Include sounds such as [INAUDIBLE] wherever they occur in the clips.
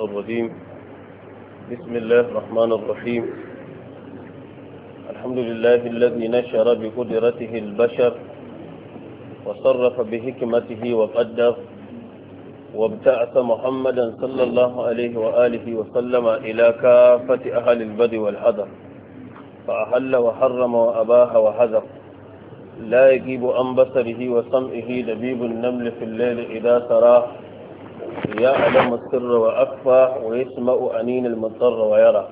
الرجيم بسم الله الرحمن الرحيم الحمد لله الذي نشر بقدرته البشر وصرف بحكمته وقدر وابتعث محمدا صلى الله عليه وآله وسلم إلى كافة أهل البد والحذر فأحل وحرم وأباه وحذر لا يجيب عن بصره وسمعه لبيب النمل في الليل إذا سراه يعلم السر وأخفى ويسمع أنين المضطر ويرى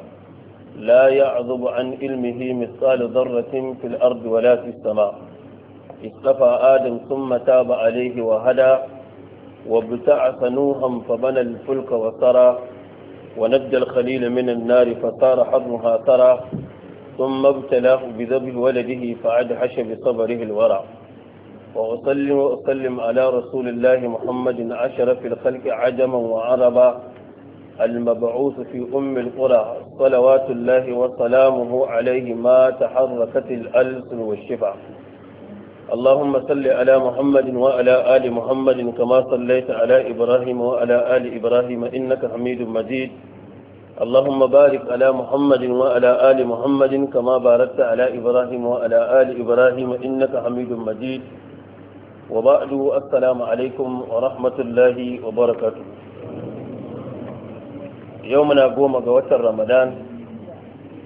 لا يعذب عن علمه مثقال ذرة في الأرض ولا في السماء اصطفى آدم ثم تاب عليه وهدى وابتعث نوحا فبنى الفلك وسرى ونجى الخليل من النار فصار حرها ترى ثم ابتلاه بذبح ولده فأدهش بصبره الورع وأصلي وأسلم على رسول الله محمد أشرف الخلق عجما وعربا المبعوث في أم القرى صلوات الله وسلامه عليه ما تحركت الألسن والشفع اللهم صل على محمد وعلى آل محمد كما صليت على إبراهيم وعلى آل إبراهيم إنك حميد مجيد اللهم بارك على محمد وعلى آل محمد كما باركت على إبراهيم وعلى آل إبراهيم إنك حميد مجيد Wa ba'adu وبعد السلام عليكم ورحمة الله وبركاته يومنا قوم قوات رمضان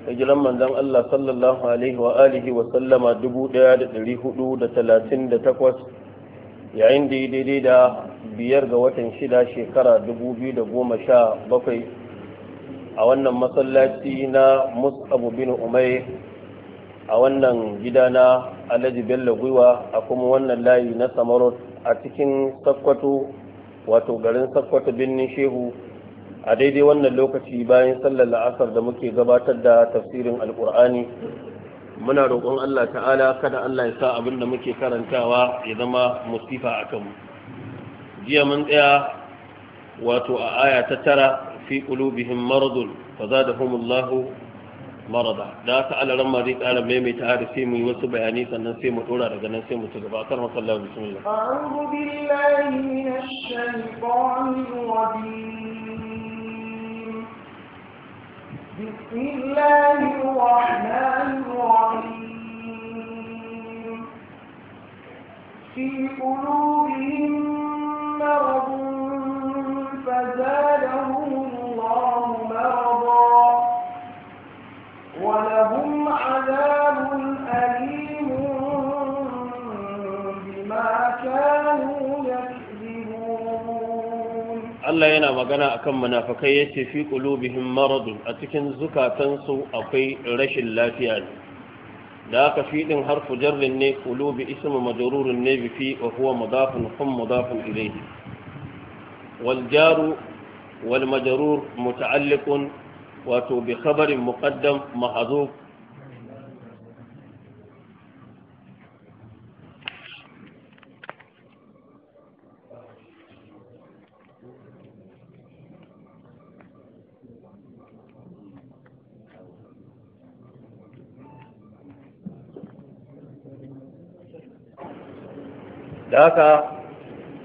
hijiran manzon Allah sallallahu alaihi wa alihi wa sallama 1438 yayin da daidai da biyar ga watan shida shekara da goma sha bakwai, a wannan masallaci na Mus'ab bin Umayr a wannan gida na alhaji bello gwiwa a kuma wannan layi na samarot a cikin sakkwato wato garin sakkwato birnin shehu a daidai wannan lokaci bayan sallar la'asar da muke gabatar da tafsirin alkur'ani muna roƙon allah ta'ala kada allah ya sa abin da muke karantawa ya zama musifa a kanmu jiya mun tsaya wato a aya ta tara fi qulubihim maradun fa zadahumullahu marada da ta alaran ma zai kara maimaita har sai mu yi wasu bayani sannan sai mu dora daga nan sai mu ci gaba kar masallahu bismillah a'udhu billahi minash shaitanir rajim bismillahir rahmanir rahim fi qulubihim maradun عذاب أليم بما كانوا يكذبون الله ينا a أكم منافقين يتي في maradun. A cikin zukatansu akwai rashin lafiya ne. da aka fi din harfu jarrin ne qulubi ismu majarurin ne fi wa huwa mudafun hum mudafun ilayhi wal jaru wal muta'alliqun wato bi khabarin muqaddam da haka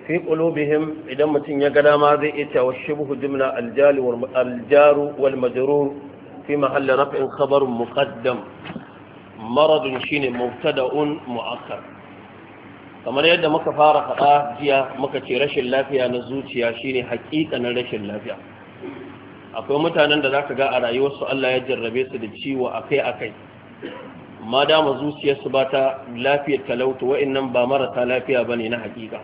fi qulubihim idan mutum ya ga dama zai iya cewa shibhu jumla aljali wal aljaru wal majrur fi mahall raf'in khabar muqaddam marad shine mubtada'un mu'akkar kamar yadda muka fara faɗa jiya muka ce rashin lafiya na zuciya shine haƙiƙanin rashin lafiya akwai mutanen da zaka ga a rayuwarsu Allah ya jarrabe su da ciwo akai-akai ma dama zuciyarsu ba ta lafiyar talauta nan ba marasa lafiya ba ne na hakika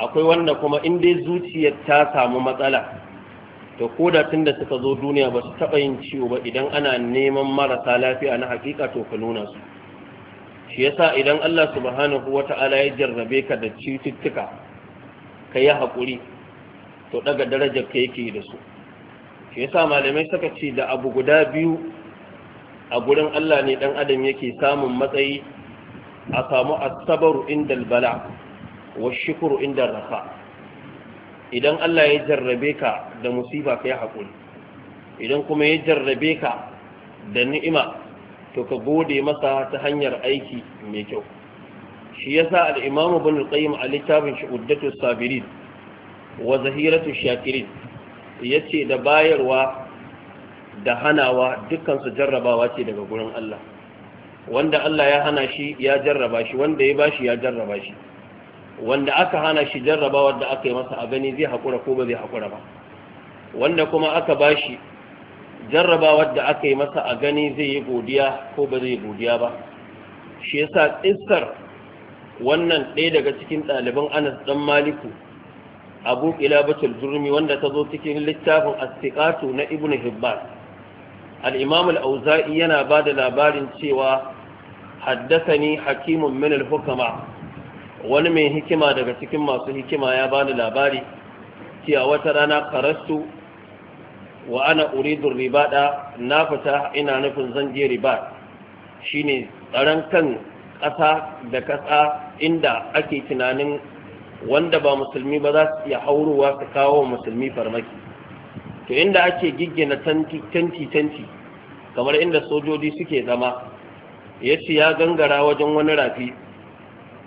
akwai wanda kuma in dai zuciyar ta samu matsala to ko da tun da suka zo duniya ba su taɓa yin ciwo ba idan ana neman marasa lafiya na hakika to ka nuna su shi yasa idan Allah subhanahu ta'ala ya jarrabe ka da cututtuka ka yi haƙuri to daga darajar ka yake da su shi yasa malamai suka ce da abu guda biyu a gurin Allah ne ɗan adam yake samun matsayi a samu asabaru inda albala wa shukuru inda rafa idan Allah ya jarrabe ka da musiba kai hakuri idan kuma ya jarrabe ka da ni'ima to ka gode masa ta hanyar aiki mai kyau shi yasa al al'imamu ibn qayyim a littafin shi uddatu sabirin wa zahiratu shakirin ce da bayarwa da hanawa dukkan jarrabawa ce daga gurin Allah wanda Allah ya hana shi ya jarraba shi wanda ya bashi ya jarraba shi wanda aka hana shi jarrabawa da aka yi masa a gani zai haƙura ko ba zai haƙura ba wanda kuma aka bashi jarrabawa da aka yi masa a gani zai yi godiya ko ba zai godiya ba shi yasa tsissar wannan ɗaya daga cikin ɗaliban anas ɗan maliku abu Qilabatul jurmi wanda ta zo cikin littafin astiƙatu na ibn hibban al al-auza'i yana ba da labarin cewa haddathani ni hakimin al hukuma wani mai hikima daga cikin masu hikima ya ba da labari cewa wata rana karastu wa ana ribada na fita ina nufin zan je riba shine tsaron kan ƙasa da ƙasa inda ake tunanin wanda ba musulmi ba za su iya haurowa su kawo wa musulmi farmaki to inda ake giggina tanti-tanti kamar inda sojoji suke zama ya ce ya gangara wajen wani rafi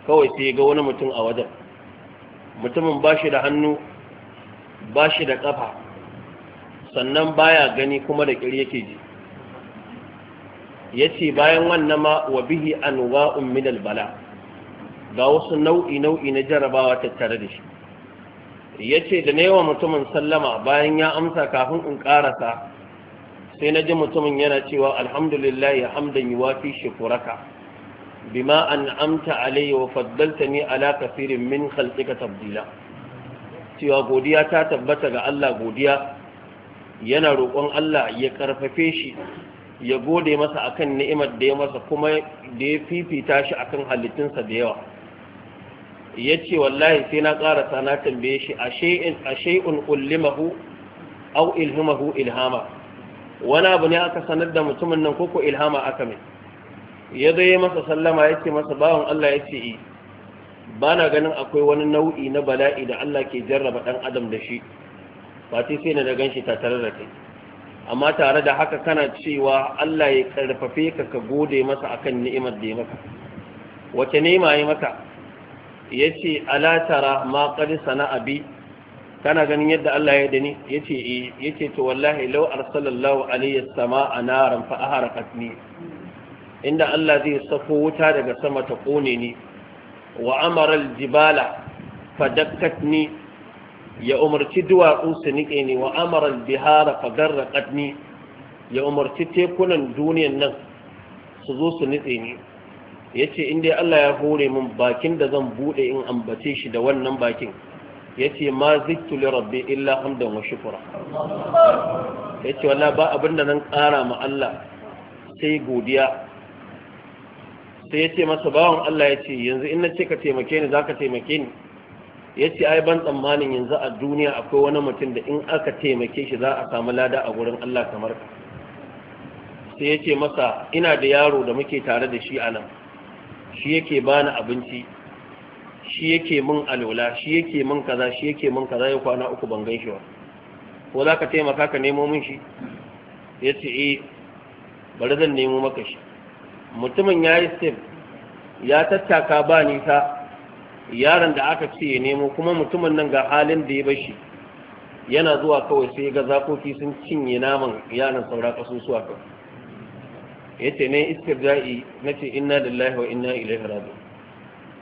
kawai sai ga wani mutum a wajen mutumin ba shi da hannu ba shi da ƙafa sannan baya gani kuma da ƙiri yake ji ya ce bayan wannan ma wa bihi an wa'un minal bala ga wasu nau'i nau'i na jarabawa tattare da shi ya ce da na wa mutumin sallama bayan ya amsa kafin in ƙarasa, sai na ji mutumin yana cewa alhamdulillah ya hamdan yi wafi shekuraka bima an amta alayya wa faddalta ni ala kafirin min khalqika tabdila cewa godiya ta tabbata ga Allah godiya yana roƙon Allah ya karfafe shi ya gode masa akan ni'imar da ya masa kuma da ya fifita shi akan halittunsa da yawa ya ce wallahi sai na ƙarasa na tambaye shi a shay'un ullimahu au ilhimahu ilhama wani abu ne aka sanar da mutumin nan koko ilhama aka mai ya zai masa sallama ya ce masa bawan Allah ya ce yi eh, ba na ganin akwai wani nau'i na bala'i da Allah ke jarraba ɗan adam da shi fati sai na da ganshi shi tare da kai amma tare da haka kana cewa Allah ya karfafe ka ka gode masa akan ni'imar da ya maka wace ni'ima ya maka ya ce alatara ma ƙari sana'a bi kana ganin yadda Allah ya dani ya ce eh, ya ce to wallahi lau arsalallahu alayhi sama a naran fa aharakat inda Allah zai sako wuta daga sama ta ƙone ni wa amara aljibala fadakkat ya umarci duwatsu su nike ni wa amara albihara fagarraqat ni ya umarci tekunan duniyan nan su zo su nitse ni ya ce in dai Allah ya hore min bakin da zan buɗe in ambace shi da wannan bakin ya ce ma zittu li rabbi illa hamdan wa shukura ya ce wala ba abin da nan kara ma Allah sai godiya sai ya ce masa bawan Allah ya ce yanzu in na ce ka taimake ni za ka taimake ni ya ce ai ban tsammanin yanzu a duniya akwai wani mutum da in aka taimake shi za a samu lada a gurin Allah kamar ka sai ya ce masa ina da yaro da muke tare da shi a nan shi yake bani abinci shi yake min alola shi yake min kaza shi yake min kaza ya kwana uku ban gan shi ba ko za ka taimaka ka nemo min shi ya ce eh bari zan nemo maka shi mutumin ya yi step ya tattaka ba nisa yaron da aka ce ya nemo kuma mutumin nan ga halin da ya bashi yana zuwa kawai sai ga zakoki sun cinye naman yaron saura kasusuwa kawai yace ne na ce ina da lahi wa ilai harabi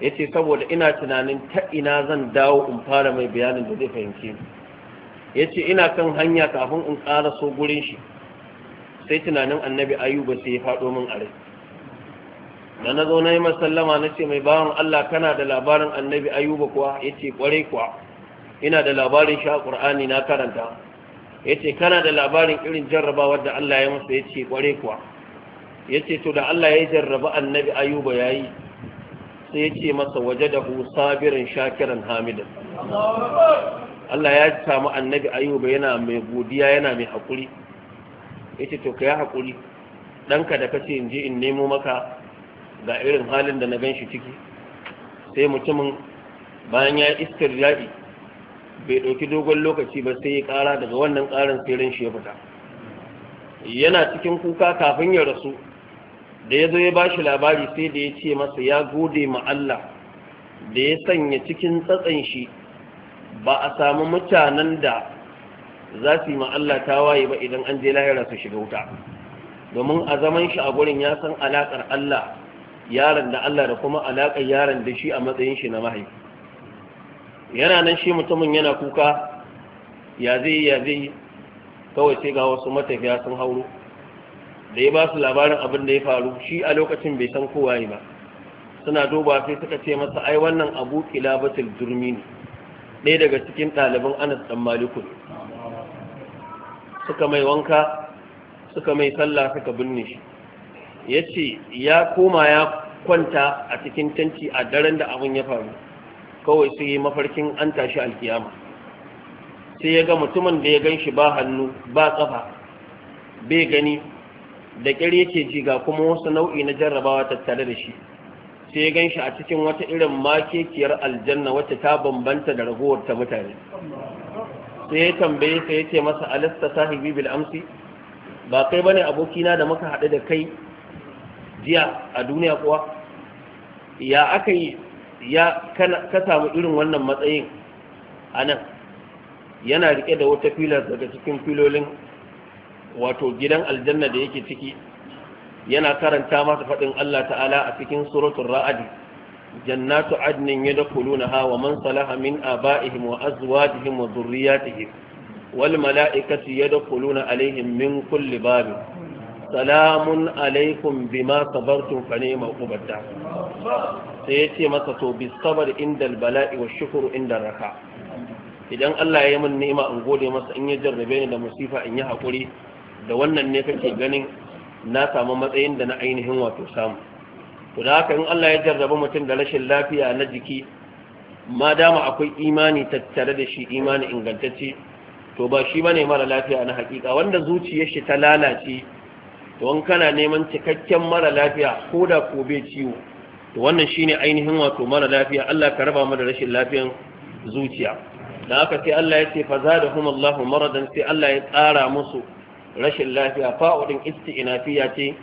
ya ce saboda ina tunanin ta ina zan dawo in fara mai bayanin da zai fahimci ya ce ina kan hanya kafin in ƙara so gurin shi sai tunanin annabi ayuba sai ya faɗo min a rai da na zo na yi masallama na ce mai bawan Allah kana da labarin annabi ayuba kuwa ya ce kwarai kuwa ina da labarin a ƙur'ani na karanta ya ce kana da labarin irin jarrabawar da Allah ya masa ya ce kwarai kuwa ya ce to da Allah ya jarraba annabi ayuba ya yi sai ya ce masa waje da sabirin shakiran hamidin Allah ya samu annabi ayuba yana mai godiya yana mai haƙuri ya ce to ka yi haƙuri ɗanka da kace in je in nemo maka ga irin halin da na gan shi ciki sai mutumin bayan ya iskar jaɗi bai ɗauki dogon lokaci ba sai ya ƙara daga wannan ƙarin sai shi ya fita yana cikin kuka kafin ya rasu da ya zo ya ba shi labari sai da ya ce masa ya gode ma Allah da ya sanya cikin tsatsan shi ba a samu mutanen da za su yi ma Allah tawaye ba idan an je lahira su shiga wuta domin a zaman shi a gurin ya san alaƙar Allah yaron da Allah da kuma alaƙar yaron da shi a matsayin shi na mahaifi yana nan shi mutumin yana kuka ya zai ya zai kawai sai ga wasu matafiya sun hauro da ya ba su labarin abin da ya faru shi a lokacin bai san kowa ba suna duba sai suka ce masa ai wannan abu kilabatul durmi ne ɗaya daga cikin ɗaliban anas ɗan maliku suka mai wanka suka mai sallah suka binne shi ya ce ya koma ya kwanta a cikin tanti a daren da abin ya faru kawai sai yi mafarkin an tashi alkiyama sai ya ga mutumin da ya gan shi ba hannu ba ƙafa bai gani da ƙyar yake ji ga kuma wasu nau'i na jarrabawa tattare da shi sai ya gan shi a cikin wata irin makekiyar aljanna wacce ta bambanta da ragowar ta mutane sai ya tambaye sai ya ce masa alasta sahibi bil amsi ba kai bane abokina da muka haɗu da kai jiya a duniya kuwa ya aka yi ya ka samu irin wannan matsayin a nan yana rike da wata filar daga cikin filolin wato gidan aljanna da yake ciki yana karanta masa faɗin Allah ta'ala a cikin suratul ra'adi jannatu adnin yadkhulunaha wa man salaha min aba'ihim wa azwajihim wa dhurriyyatihim wal mala'ikatu yadkhuluna alaihim min kulli babin salamun alaikum bima sabartum fa ni'ma uqbata sai yace masa to bis sabr indal bala'i wa shukru indar raka idan Allah ya yi min ni'ima in gode masa in ya jarrabe ni da musifa in yi haƙuri da wannan ne kake ganin na samu matsayin da na ainihin wato samu to da haka in Allah ya jarraba mutum da rashin lafiya na jiki ma dama akwai imani tattare da shi imani ingantacce to ba shi bane mara lafiya na hakika wanda zuciyar shi ta lalace to in kana neman cikakken mara lafiya ko da ko bai ciwo to wannan shine ainihin wato mara lafiya Allah ka raba mu da rashin lafiyan zuciya da haka sai Allah ya ce fa zadahum Allahu maradan sai Allah ya tsara musu rashin lafiya fa'u din isti'nafiya ce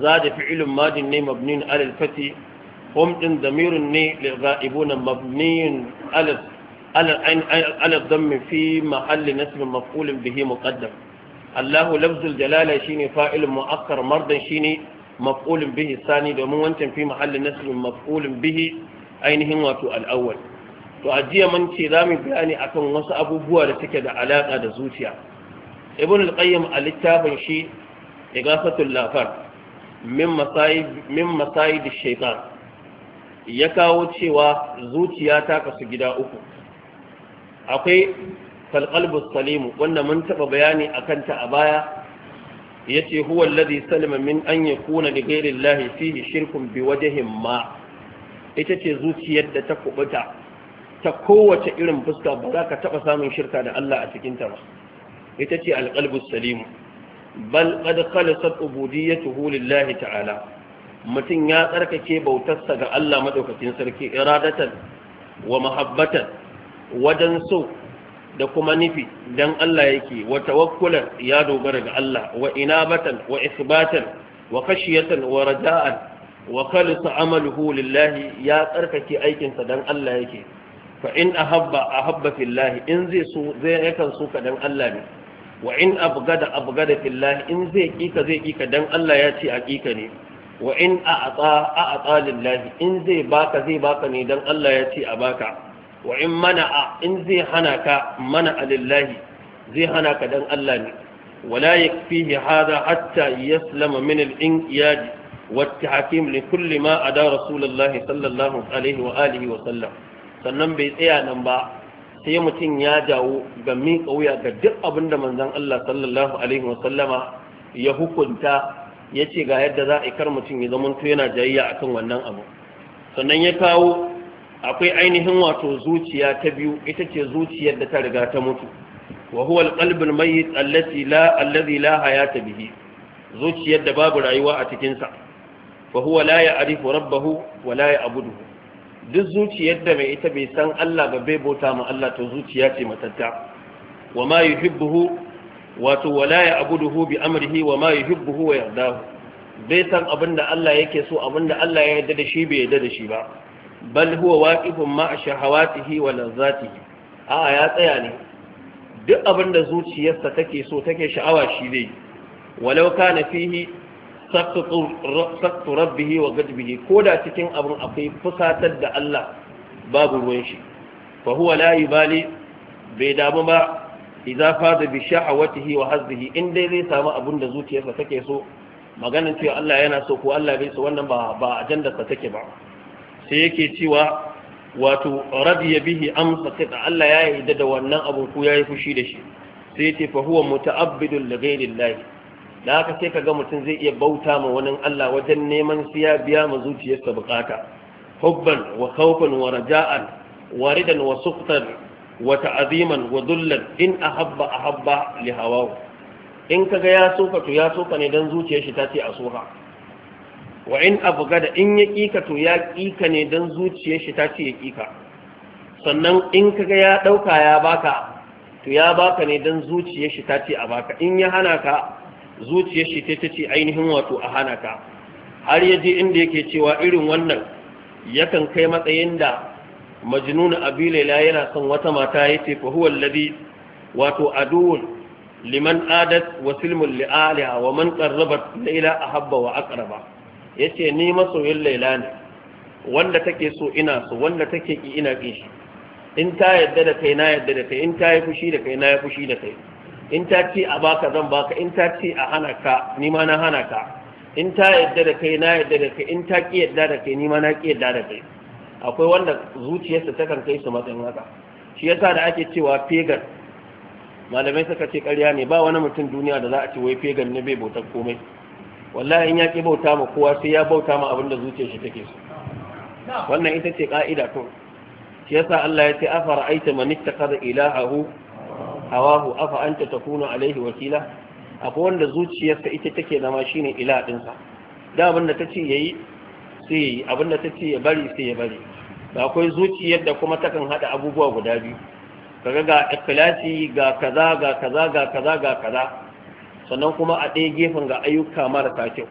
zada fi'ilun madin ne mabnin alal fati hum din damirun ne li ghaibuna mabnin alal alal dhamm fi mahalli nasb mafulin bihi muqaddam الله لفظ الجلالة شيني فائل مؤخر مرضا شيني مفعول به الثاني دومون وانتم في محل نسل mafulin bihi ainihin wato al'awwal to ajiya mun ce za zamu bayani akan wasu abubuwa da suke da alaka da zuciya ibn al-qayyim a littafin shi igafatul lafar min masayi min masayid shaytan ya kawo cewa zuciya ta kasu gida uku akwai kalqalbu salimu wanda mun taba bayani akan ta a baya yace huwa alladhi salima min an yakuna li ghayri llahi fihi shirkun bi wajhin ma ita ce zuciyar da ta kubuta ta kowace irin fuska ba za ka taba samun shirka da Allah a cikin ta ba ita ce alqalbus Salimu. bal qad khalasat ubudiyyatuhu lillahi ta'ala mutum ya tsarkake bautarsa ga Allah madaukakin sarki iradatan wa mahabbatan wajen so da kuma nufi dan Allah yake wa tawakkulan ya dogara ga Allah wa inabatan wa isbatan wa khashiyatan wa raja'an wa khalisa amaluhu lillahi ya tsarkake aikinsa dan Allah yake fa in ahabba ahabba fillahi in zai so zai yakan so ka dan Allah ne wa in abgada abgada fillah in zai kika zai kika dan Allah ya ce hakika ne wa in a'ata a'ata lillahi in zai baka zai baka ne dan Allah ya ce a baka wa in mana'a in zai hana ka a lillahi zai hana ka dan Allah ne ولا يكفيه هذا حتى يسلم من الانقياد والتحكيم لكل ما أدى رسول الله صلى الله عليه وآله وسلم sannan bai tsaya nan ba sai mutum ya jawo ga miƙa wuya ga duk abin da manzon Allah sallallahu alaihi wasallama ya hukunta ya ce ga yadda za a kar mutum ya zamanto yana jayayya akan wannan abu sannan ya kawo akwai ainihin wato zuciya ta biyu ita ce zuciyar da ta riga ta mutu wa huwa alqalbul mayyit allati la allazi la hayata bihi zuciyar da babu rayuwa a cikin sa fa huwa la ya'rifu rabbahu wa la ya'buduhu duk zuciyar da mai ita bai san Allah ba bai bauta ma Allah to zuciya ce matatta wa ma yuhibbuhu wato wala abuduhu bi amrihi wa ma yuhibbuhu wa yardahu bai san abinda Allah yake so abinda Allah ya yarda da shi bai yarda da shi ba bal huwa waqifun ma shahawatihi wa lazzatihi a'a ya tsaya ne duk abinda zuciyarsa take so take sha'awa shi dai walau kana fihi saktu rabbihi wa gajbihi ko da cikin abin akwai fusatar da Allah babu ruwan shi fa huwa la yubali bai damu ba idza fada bi sha'awatihi wa hazzihi in dai zai samu abin da zuciyarsa take so maganin cewa Allah yana so ko Allah bai so wannan ba ba ajanda sa take ba sai yake cewa wato radiya bihi amsa saqita Allah ya yarda da wannan abu ko yi fushi da shi sai yace fa huwa muta'abbidun li da haka sai kaga mutum zai iya bauta ma wani Allah wajen neman siya biya ma zuciyarsa bukata hubban wa khawfan wa raja'an waridan wa suqtan wa ta'ziman wa dhullan in ahabba ahabba li hawahu in kaga ya soka to ya soka ne dan zuciyar shi ta ce a soka wa in abgada in ya kika to ya kika ne dan zuciyar shi ta ce ya kika sannan in kaga ya dauka ya baka to ya baka ne dan zuciyar shi ta ce a baka in ya hana ka zuciyar shi ta ce ainihin wato a hana ta har yaje inda yake cewa irin wannan yakan kai matsayin da majnun abilela yana son wata mata yace fa huwa alladhi wato aduwun liman adat wa silmun li aliha wa man qarrabat layla ahabba wa aqraba yace ni masoyin layla ne wanda take so ina so wanda take ki ina shi. in ta yadda da kai na yadda da kai in ta yi fushi da kai na yi fushi da kai in ta ce a baka zan baka in ta ce a hana ka ni ma na hana ka in ta yadda da kai na yadda da kai in ta ki yadda da kai ni ma na ki yadda da kai akwai wanda zuciyarsa takan kai su matsayin haka shi yasa da ake cewa pegan malamai suka ce ƙarya ne ba wani mutum duniya da za a ce wai pegan ne bai bautar komai wallahi in ya ki bauta ma kowa sai ya bauta ma abin da zuciyar shi take so wannan ita ce ka'ida to shi yasa Allah ya ce afara aita man ittakhadha ilahahu hawahu afa anta takunu alaihi wakila akwai wanda zuciyarsa ita take zama shine ila ɗinsa. da abin da tace yayi sai yi abin da tace ya bari sai ya bari ba akwai zuciyar da kuma takan haɗa abubuwa guda biyu kaga ga ikhlasi ga kaza ga kaza ga kaza ga kaza sannan kuma a ɗaya gefen ga ayyuka marasa kyau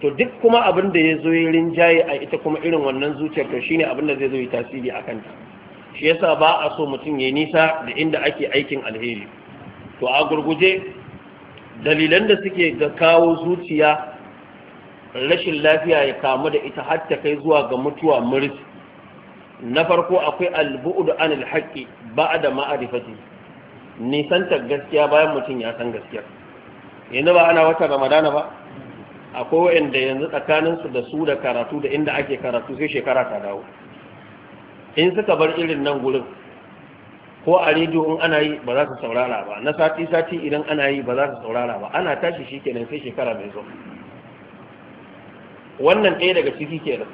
to duk kuma abin da ya zo ya rinjaye a ita kuma irin wannan zuciyar to shine abin da zai zo yi tasiri a kanta shi yasa ba a so mutum ya nisa da inda ake aikin alheri to a gurguje dalilan da suke ga kawo zuciya rashin lafiya ya kamu da ita har ta kai zuwa ga mutuwa murid na farko akwai albu'ud anil haqqi ba'da ma'rifati nisan ta gaskiya bayan mutum ya san gaskiya yanzu ba ana wata ramadana ba akwai wa'anda yanzu tsakaninsu da su da karatu da inda ake karatu sai shekara ta dawo in suka bar irin nan gurin ko a rediyo in ana yi ba za su saurara ba na sati sati idan ana yi ba za su saurara ba ana tashi shi kenan sai shekara mai zo wannan ɗaya daga ciki kenan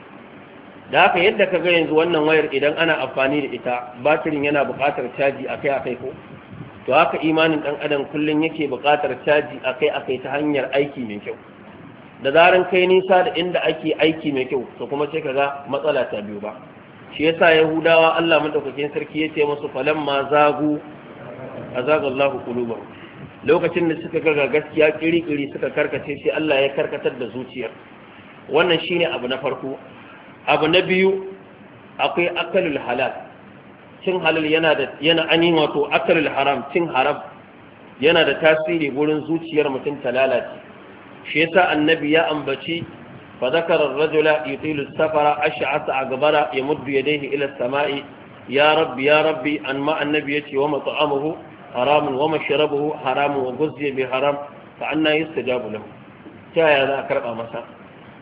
da haka yadda ka ga yanzu wannan wayar idan ana amfani da ita batirin yana buƙatar caji akai akai ko to haka imanin ɗan adam kullum yake buƙatar caji akai akai ta hanyar aiki mai kyau da zaran kai nisa da inda ake aiki mai kyau to kuma sai ka ga matsala ta biyu ba shi yasa yahudawa Allah madaukakin sarki yace musu falamma zagu azagallahu kuluba lokacin da suka ga gaskiya kiri-kiri suka karkace shi Allah ya karkatar da zuciyar wannan shine abu na farko abu na biyu akwai akalul halal cin halal yana da yana wato akalul haram cin haram yana da tasiri gurin zuciyar mutum ta lalace shi yasa annabi ya ambaci فذكر الرجل يطيل السفر أشعث أكبر يمد يديه إلى السماء يا رب يا ربي أنماء النبي يتي ومطعمه حرام ومشربه حرام وغزي بحرام فأنا يستجاب له تايا هذا أكرب أمسا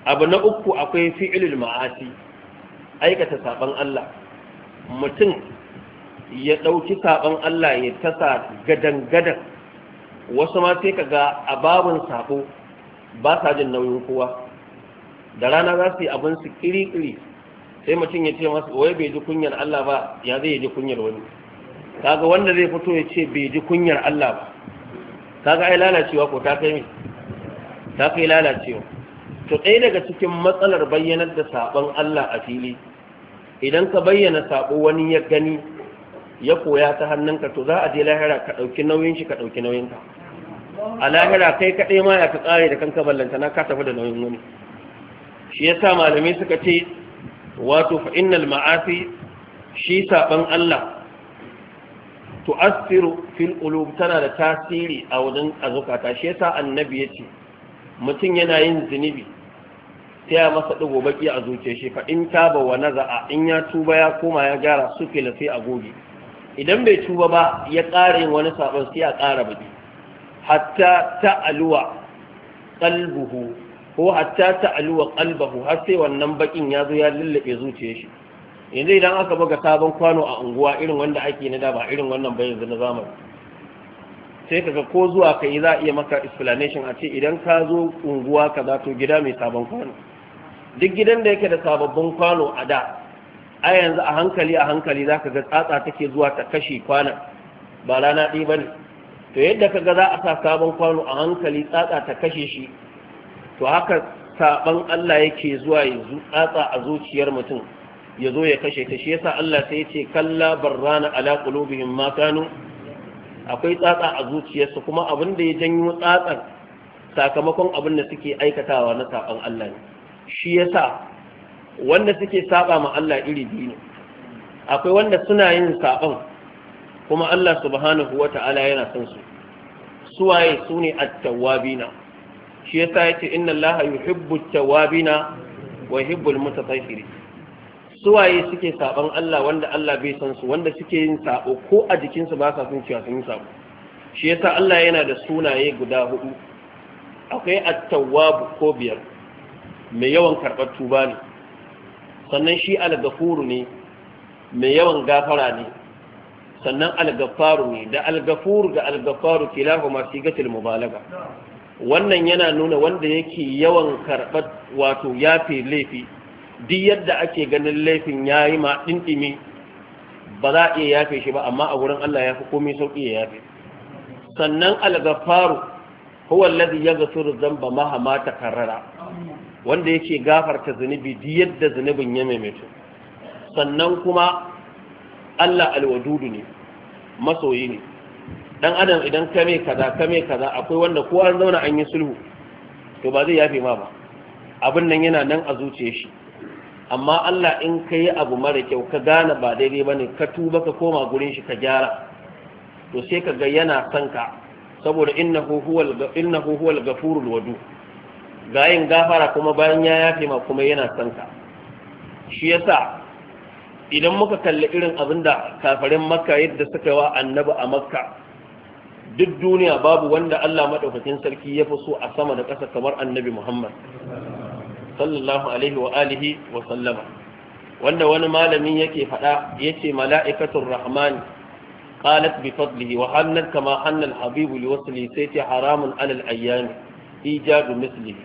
أبنى أكو أكو فعل المعاتي أي سابن الله متن ya ɗauki saɓon Allah ya tasa gadan-gadan wasu ma sai kaga a babin saɓo ba sa jin nauyin kowa da rana za su yi abin su kiri-kiri sai mutum ya ce masu, wai bai ji kunyar Allah ba ya zai ji kunyar wani kaga wanda zai fito ya ce bai ji kunyar Allah ba kaga ai lalacewa ko ta kai ta kai lalacewa to ɗaya daga cikin matsalar bayyanar da sabon Allah a fili idan ka bayyana sabo wani ya gani ya koya ta hannunka to za a je lahira ka ɗauki nauyin shi ka ɗauki nauyin a lahira kai kaɗai ma ya ka tsare da kanka ballantana ka tafi da nauyin wani shi ya sa malamai suka ce wato fa innal ma'asi shi saban Allah tu'assiru fil qulub tana da tasiri a wajen azukata shi ya sa annabi ya ce? mutum yana yin zunubi taya masa ɗigo baki a zuciya shi fa in taba wa naza'a in ya tuba ya koma ya gyara su fila sai a goge idan bai tuba ba ya ƙara yin wani sabon sai a ƙara baki hatta ta aluwa, qalbuhu ko hatta aluwa kalbahu har sai wannan bakin ya zo ya lullube zuciyar shi yanzu idan aka buga sabon kwano a unguwa irin wanda ake na da ba irin wannan ba yanzu na zamani sai kaga ko zuwa kai za a iya maka explanation a ce idan ka zo unguwa ka za to gida mai sabon kwano duk gidan da yake da sababbin kwano a da a yanzu a hankali a hankali za ka ga tsatsa take zuwa ta kashe kwana, ba rana ɗaya ba ne to yadda ka ga za a sa sabon kwano a hankali tsatsa ta kashe shi to haka saban Allah yake zuwa ya tsatsa a zuciyar mutum ya zo ya kashe ta shi yasa Allah sai ya ce kalla barrana ala qulubihim ma kanu akwai tsatsa a zuciyarsu kuma abin da ya janyo tsatsan sakamakon abin da suke aikatawa na saban Allah ne shi yasa wanda suke saba ma Allah iri biyu ne akwai wanda suna yin saban kuma Allah subhanahu wata'ala yana son su suwaye su ne at-tawwabina shi yasa yace inna allaha yuhibbu tawabina wa yuhibbul Su suwaye suke saban Allah wanda Allah bai san su wanda suke yin sabo ko a jikinsu su ba sa sun cewa sun yi sabo shi yasa Allah yana da sunaye guda hudu akwai at-tawwab ko biyar mai yawan karbar tuba ne sannan shi al ne mai yawan gafara ne sannan al-ghafaru ne da al-ghafuru da al-ghafaru kilahuma sigatul mubalagha wannan yana nuna wanda yake yawan karɓar wato yafe laifi duk yadda ake ganin laifin ya yi ma ɗinɗimi ba za a iya yafe shi ba amma a wurin Allah ya fi komai sauƙi ya yafe sannan algafaru huwa alladhi yaghfiru dhanba ma takarrara wanda yake gafarta zunubi duk yadda zunubin ya maimaito sannan kuma Allah alwadudu ne masoyi ne dan adam idan ka kaza ka kaza akwai wanda ko an zauna an yi sulhu to ba zai yafe ma ba abin nan yana nan a zuciyar shi amma Allah in ka yi abu mara kyau ka gane ba daidai bane ka tuba ka koma gurin shi ka gyara to sai ka ga yana son ka saboda innahu huwal gafurul wadu gayin gafara kuma bayan ya yafe ma kuma yana sanka ka shi yasa idan muka kalli irin abin da kafarin makka yadda suka wa annabi a makka duk duniya babu wanda Allah maɗaukakin sarki ya fi so a sama da ƙasa kamar annabi Muhammad sallallahu alaihi wa alihi wa sallama wanda wani malamin yake faɗa yace mala'ikatun rahman qalat bi fadlihi wa hannat kama hannan habibu li wasli sai ce haramun alal ayyami ijadu mislihi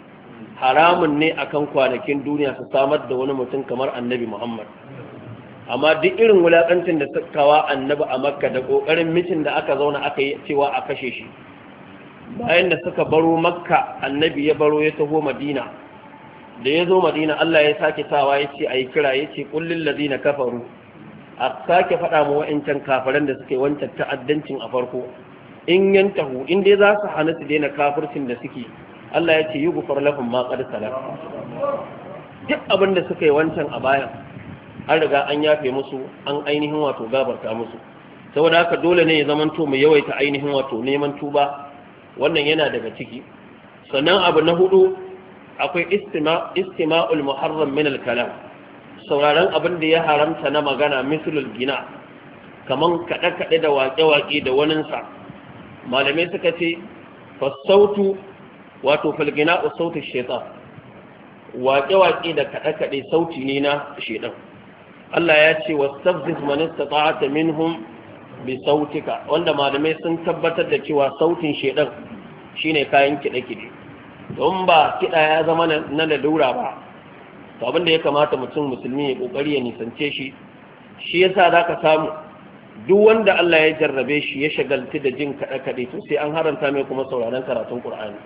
haramun ne akan kwanakin duniya su samar da wani mutum kamar annabi Muhammad amma duk irin wulakancin da tsakawa annabi a makka da kokarin mitin da aka zauna aka yi cewa a kashe shi bayan da suka baro makka annabi ya baro ya taho madina da ya zo madina Allah ya sake sawa ya ce a yi kira ya ce lazi na kafaru a sake faɗa ma wa'incan kafaran da suke wancan ta'addancin a farko in yan tahu in dai za su hana su daina kafircin da suke Allah ya ce yi gufar lafin ma ƙar duk abin da suka yi wancan a bayan an riga an yafe musu an ainihin wato gabarta musu saboda haka dole ne ya zamanto mu yawaita ainihin wato neman tuba wannan yana daga ciki sannan abu na hudu akwai istima'ul muharram min al-kalam sauraron abin da ya haramta na magana mislul gina kaman kada kada da wake-wake da sa malamai suka ce fasautu wato falgina sautu shaytan wake-wake da kada kada sauti ne na shaytan Allah ya ce wastabzif man istata'ata minhum bi sautika wanda malamai sun tabbatar da cewa sautin shedan shine kayan kiɗe-kiɗe. don ba kiɗa ya zama na lalura ba to abin da ya kamata mutum musulmi ya kokari ya nisance shi shi yasa zaka samu duk wanda Allah ya jarrabe shi ya shagalti da jin kaɗe-kaɗe to sai an haramta mai kuma sauraron karatun Qur'ani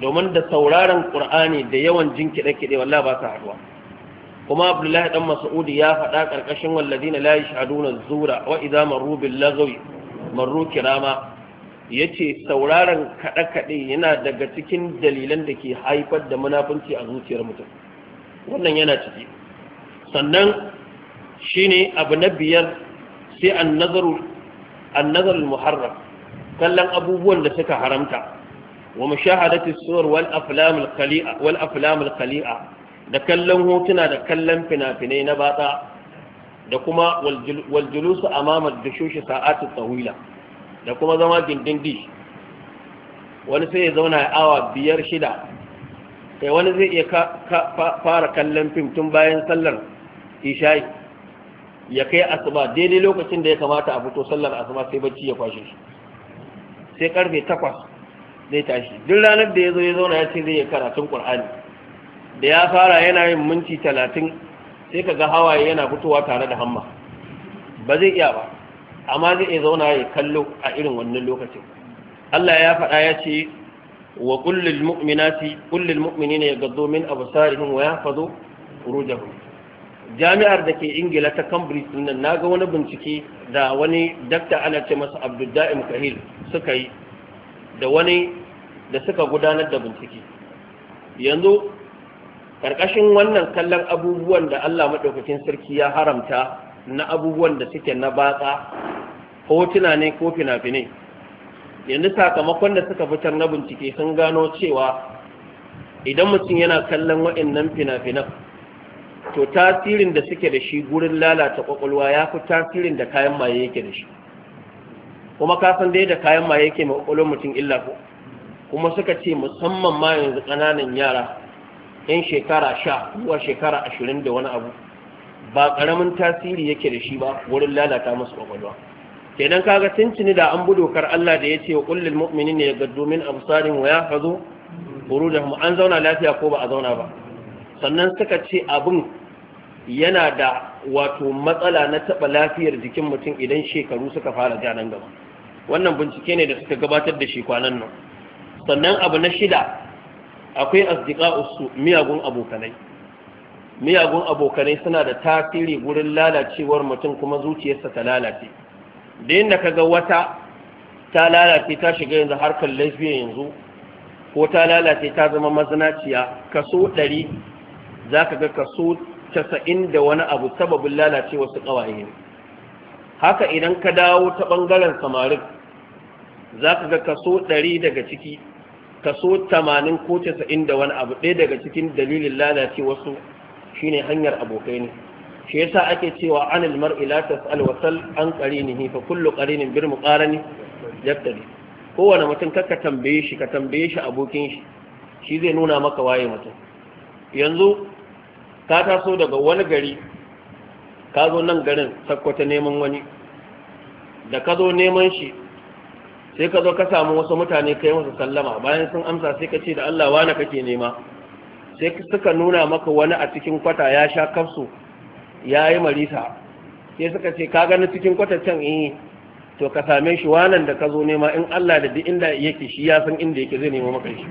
domin da sauraron Qur'ani da yawan jin kiɗe-kiɗe wallahi ba ta haɗuwa kuma abdullahi dan mas'udi ya faɗa ƙarƙashin walladina la yashhaduna zura wa idza marru bil lagwi marru kirama yace sauraron kaɗe kaɗe yana daga cikin dalilan da ke haifar da munafunci a zuciyar mutum wannan yana ciki sannan shine abu na biyar sai an-nazaru nazar muharram kallon abubuwan da suka haramta wa mushahadati suwar wal aflam khalia wal khalia da kallon hotuna da kallon fina-finai na batsa da kuma waljulusu amama da shoshi sa'atu tsawila da kuma zama gindin dish wani sai ya zauna ya awa biyar shida sai wani zai iya fara kallon fim tun bayan sallar isha'i ya kai asuba daidai lokacin da ya kamata a fito sallar asuba sai bacci ya kwashe shi sai karfe takwas zai tashi duk ranar da ya zo ya zauna ya ce zai yi karatun ƙur'ani da ya fara yana yin minti talatin sai ka ga hawaye yana fitowa tare da hamma ba zai iya ba amma zai iya zauna ya kallo a irin wannan lokacin Allah ya faɗa ya ce wa kullil mu'minati ne mu'minina yaghuddu min absarihim wa yahfazu furujahum jami'ar da ke ingila ta cambridge din nan naga wani bincike da wani dakta ana ce masa Abdullahi kahil suka yi da wani da suka gudanar da bincike yanzu ƙarƙashin wannan kallon abubuwan da Allah maɗaukakin sarki ya haramta na abubuwan da suke na batsa hotuna ne ko fina-finai yanzu sakamakon da suka fitar na bincike sun gano cewa idan mutum yana kallon waɗannan fina-finan to tasirin da suke da shi gurin lalata ƙwaƙwalwa ya fi tasirin da kayan maye yake da shi kuma kasan dai da kayan maye yake ma mutum illa ko kuma suka ce musamman ma yanzu ƙananan yara yan shekara sha zuwa shekara ashirin da wani abu ba ƙaramin tasiri yake da shi ba wurin lalata masu ƙwaƙwalwa kenan kaga tuntuni da an kar Allah da ya ce wa kullum mu'minin ne ga domin absarin wa ya fazo burudahum an zauna lafiya ko ba a zauna ba sannan suka ce abin yana da wato matsala na taɓa lafiyar jikin mutum idan shekaru suka fara ja nan gaba wannan bincike ne da suka gabatar da shi kwanan nan sannan abu na shida akwai asdiqa usu miyagun abokanai miyagun abokanai suna da tasiri gurin lalacewar mutum kuma zuciyarsa ta lalace da yadda kaga wata ta lalace ta shiga yanzu harkar lesbian yanzu ko ta lalace ta zama mazinaciya kaso 100 za ka ga kaso casa'in da wani abu sababin lalace wasu ƙawaye haka idan ka dawo ta ɓangaren samarin za ka ga kaso ɗari daga ciki kaso 80 ko 90 da wani abu ɗaya daga cikin dalilin lalace wasu shine hanyar abokai ne shi yasa ake cewa anil mar'i la tas'al wa sal an qarinihi fa kullu qarinin bil muqarani yaktadi kowane mutum kakka tambaye shi ka tambaye shi abokin shi shi zai nuna maka waye mutum yanzu ka taso daga wani gari ka zo nan garin sakkwata neman wani da ka zo neman shi sai ka zo ka samu wasu mutane kai musu sallama bayan sun amsa sai ka ce da Allah wane kake nema sai suka nuna maka wani a cikin kwata ya sha kafsu ya yi marisa sai suka ce ka gani cikin kwata can in eh. to ka same shi wanan da ka zo nema in Allah da duk inda yake shi ya san inda yake zai nemo maka shi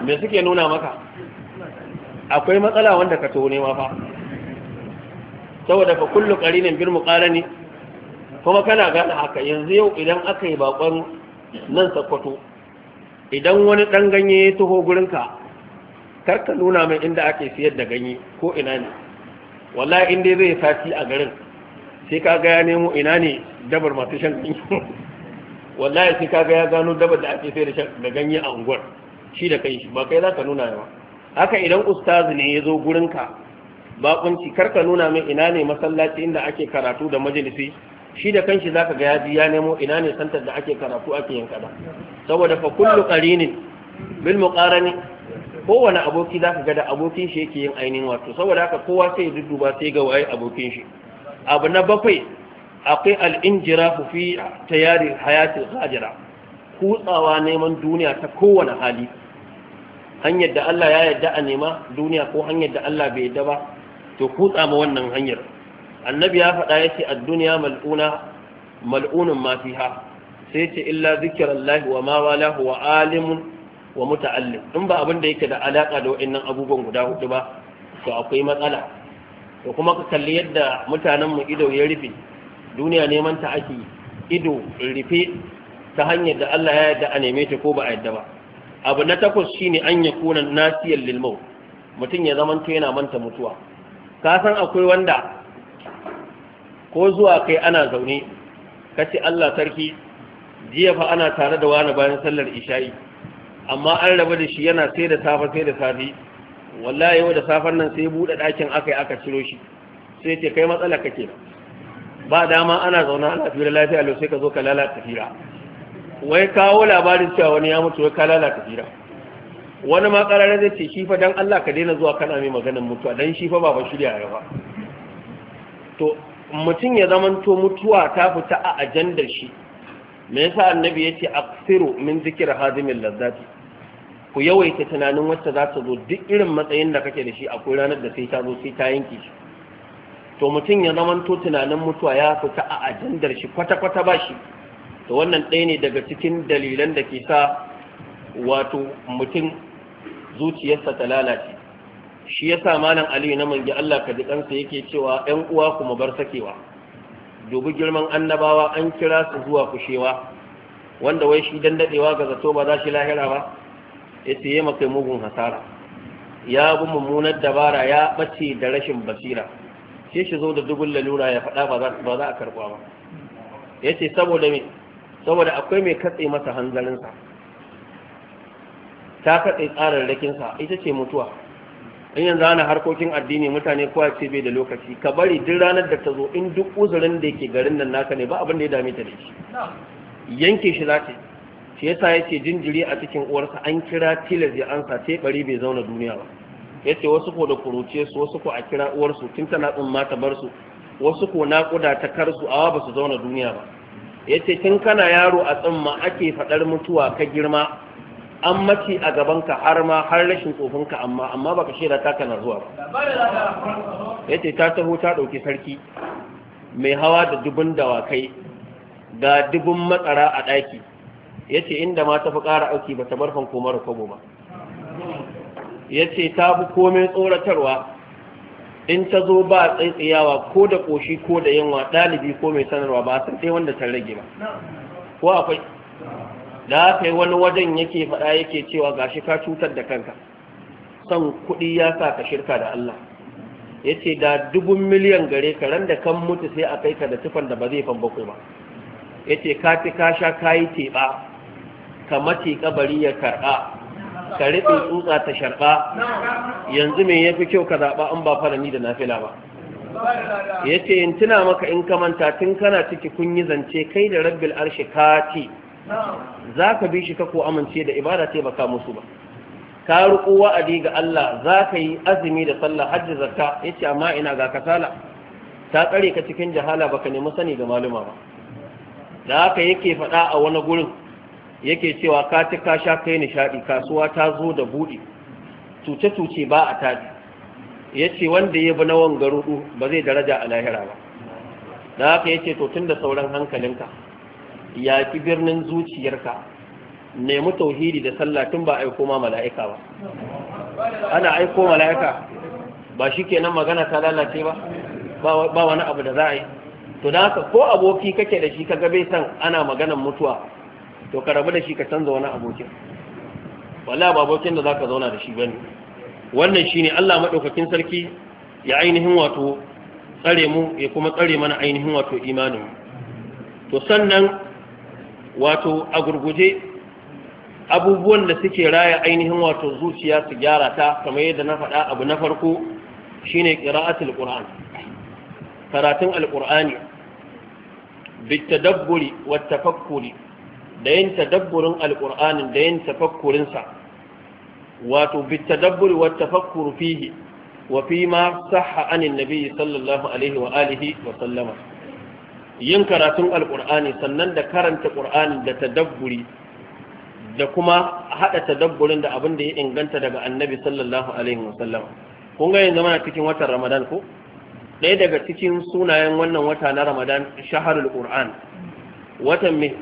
me suke nuna maka akwai matsala wanda ka to nema fa saboda fa kullu qarinin bil muqarani kuma kana gane haka yanzu yau idan aka yi bakon nan sakwato idan wani ɗan ganye ya taho gurinka karka nuna mai inda ake siyar da ganye ko ina ne walla inda zai sati a garin sai ka ga ya nemo ina ne dabar masu shan ganye [LAUGHS] wallahi sai ka ga ya gano dabar da ake sayar da ganye a unguwar shi da kai ba kai za ka nuna yawa haka idan ustazi ne ya zo gurinka bakunci karka nuna mai ina ne masallaci inda ake karatu da majalisi shi da kanshi zaka ga yaji ya nemo ina ne santar da ake karatu ake yin kada saboda fa kullu qarinin bil muqarani kowane aboki zaka ga da abokin shi yake yin ainihin wato saboda haka kowa sai ya dudduba sai ga waye abokin shi abu na bakwai akwai al-injirafu fi tayari hayatil ghajira kutsawa neman duniya ta kowane hali hanyar da Allah ya yarda a nema duniya ko hanyar da Allah bai yarda ba to kutsa ma wannan hanyar annabi ya faɗa yake a duniya mal'una mal'unun ma ha. sai ce illa zikrullahi wa ma walahu wa alimun wa muta'allim in ba abin da yake da alaƙa da wa'annan abubuwan guda hudu ba to akwai matsala to kuma ka kalli yadda mutanen mu ido ya rufe duniya neman ta ake ido rufe ta hanyar da Allah ya yarda a neme ta ko ba a yarda ba abu na takwas shine an ya nasiyan nasiyar lilmau mutum ya zamanta yana manta mutuwa ka san akwai wanda ko zuwa kai ana zaune ka kace Allah sarki jiya fa ana tare da wani bayan sallar isha'i amma an raba da shi yana sai da safa sai da safi wallahi yau da safan nan sai buɗe dakin akai aka ciro shi sai ce kai matsala kake ba dama ana zaune ana fira lafiya lo sai ka zo ka lalata fira wai kawo labarin cewa wani ya mutu wai ka lalata fira wani ma karara zai ce shi fa dan Allah ka daina zuwa kana mai maganar mutuwa dan shi fa ba ba shirya ya ba to mutum ya zamanto mutuwa ta fita a ajandar shi me yasa annabi yace aksiru min zikir hazimin lazzati ku yawaita tunanin wacce za ta zo duk irin matsayin da kake da shi akwai ranar da sai ta zo sai ta yanke shi to mutum ya zamanto tunanin mutuwa ya fita a ajandar shi kwata-kwata ba shi to wannan ɗaya ne daga cikin dalilan da ke sa wato mutum zuciyarsa ta lalace shi yasa malam aliyu na mangi Allah ka ji kansa yake cewa 'yan uwa kuma bar sakewa dubi girman annabawa an kira su zuwa kushewa wanda wai shi dan daɗewa ga zato ba za shi lahira ba yace yema kai mugun hasara ya bi mummunar dabara ya bace da rashin basira sai shi zo da dubun lalura ya faɗa ba za ba za a karɓa ba yace saboda saboda akwai mai katse masa hanzarinsa ta katse tsararrakinsa ita ce mutuwa in yanzu ana harkokin addini mutane kowa ce bai da lokaci ka bari duk ranar da ta zo in duk uzurin da yake garin nan naka ne ba abin da ya dame ta da shi yanke shi za ta shi yasa ya ce jinjiri a cikin uwarsa an kira tilas ya ansa sai bari bai zauna duniya ba ya ce wasu ko da kuruce su wasu ko a kira uwarsu tun tana tsumma ta bar su wasu ko naƙuda ta kar su awa ba su zauna duniya ba ya ce tun kana yaro a tsamma ake faɗar mutuwa ka girma an mace a gabanka har ma har rashin tsofinka amma amma baka shaida ta kana zuwa ba yace ta taho ta dauki sarki mai hawa da dubun dawakai ga dubun matsara a daki yace inda ma ta fi ƙara auki ba ta barfan koma da kwabo ba yace ta fi komai tsoratarwa in ta zo ba tsaitsayawa ko da koshi ko da yinwa, ɗalibi ko mai sanarwa ba san sai wanda ta rage ba ko akwai da aka yi wani wajen yake faɗa yake cewa gashi ka cutar da kanka son kuɗi ya sa ka shirka da Allah ya ce da dubun miliyan gare ka ran da kan mutu sai a kai ka da tufan da ba zai fan bakwai ba ya ce ka ci ka sha ka yi teɓa ka mace kabari ya karɓa ka riɓe tsutsa ta sharɓa yanzu me ya fi kyau ka zaɓa an ba farani da nafila ba ya ce in tuna maka in ka manta tun kana ciki kun yi zance kai da rabbil arshi ka ce za ka bi shi ka ko amince da ibada ce baka musu ba ka riƙo wa'adi ga Allah za ka yi azumi da sallah hajji zakka yace amma ina ga kasala ta tsare ka cikin jahala baka nemi sani ga maluma ba da haka yake faɗa a wani gurin yake cewa ka ci ka sha kai nishaɗi kasuwa ta zo da buɗe. cuce-cuce ba a taɗi ya ce wanda ya bi na wangarudu ba zai daraja a lahira ba da haka ya ce to tun da sauran hankalinka ya fi birnin zuciyarka nemi tauhidi da sallah tun ba aiko ma mala'ika ba ana aiko mala'ika ba shi kenan magana ta lalace ba ba wani abu da za a yi to da haka ko aboki kake da shi ka gabe san ana maganan mutuwa to ka rabu da shi ka canza wani abokin wala ba abokin da za ka zauna da shi ba ne wannan shine Allah maɗaukakin sarki ya ainihin wato tsare mu ya kuma tsare mana ainihin wato imanin to sannan wato a gurguje abubuwan da suke raya ainihin wato zuciya su gyara ta kamar yadda na faɗa abu na farko shine qira'atul qur'an karatun alqur'ani bitadabburi wattafakkuri da yin tadabburin alqur'anin da yin tafakkurin sa wato bitadabburi wattafakkuru fihi wa fi ma sahha anin nabi sallallahu alaihi wa alihi wa sallama yin karatun alkur'ani sannan da karanta ƙur'ani da tadabburi da kuma haɗa tadabburin da abin da ya inganta daga annabi sallallahu alaihi wasallam kun ga yanzu mana cikin watan ramadan ko ɗaya daga cikin sunayen wannan wata na ramadan shaharul qur'an watan me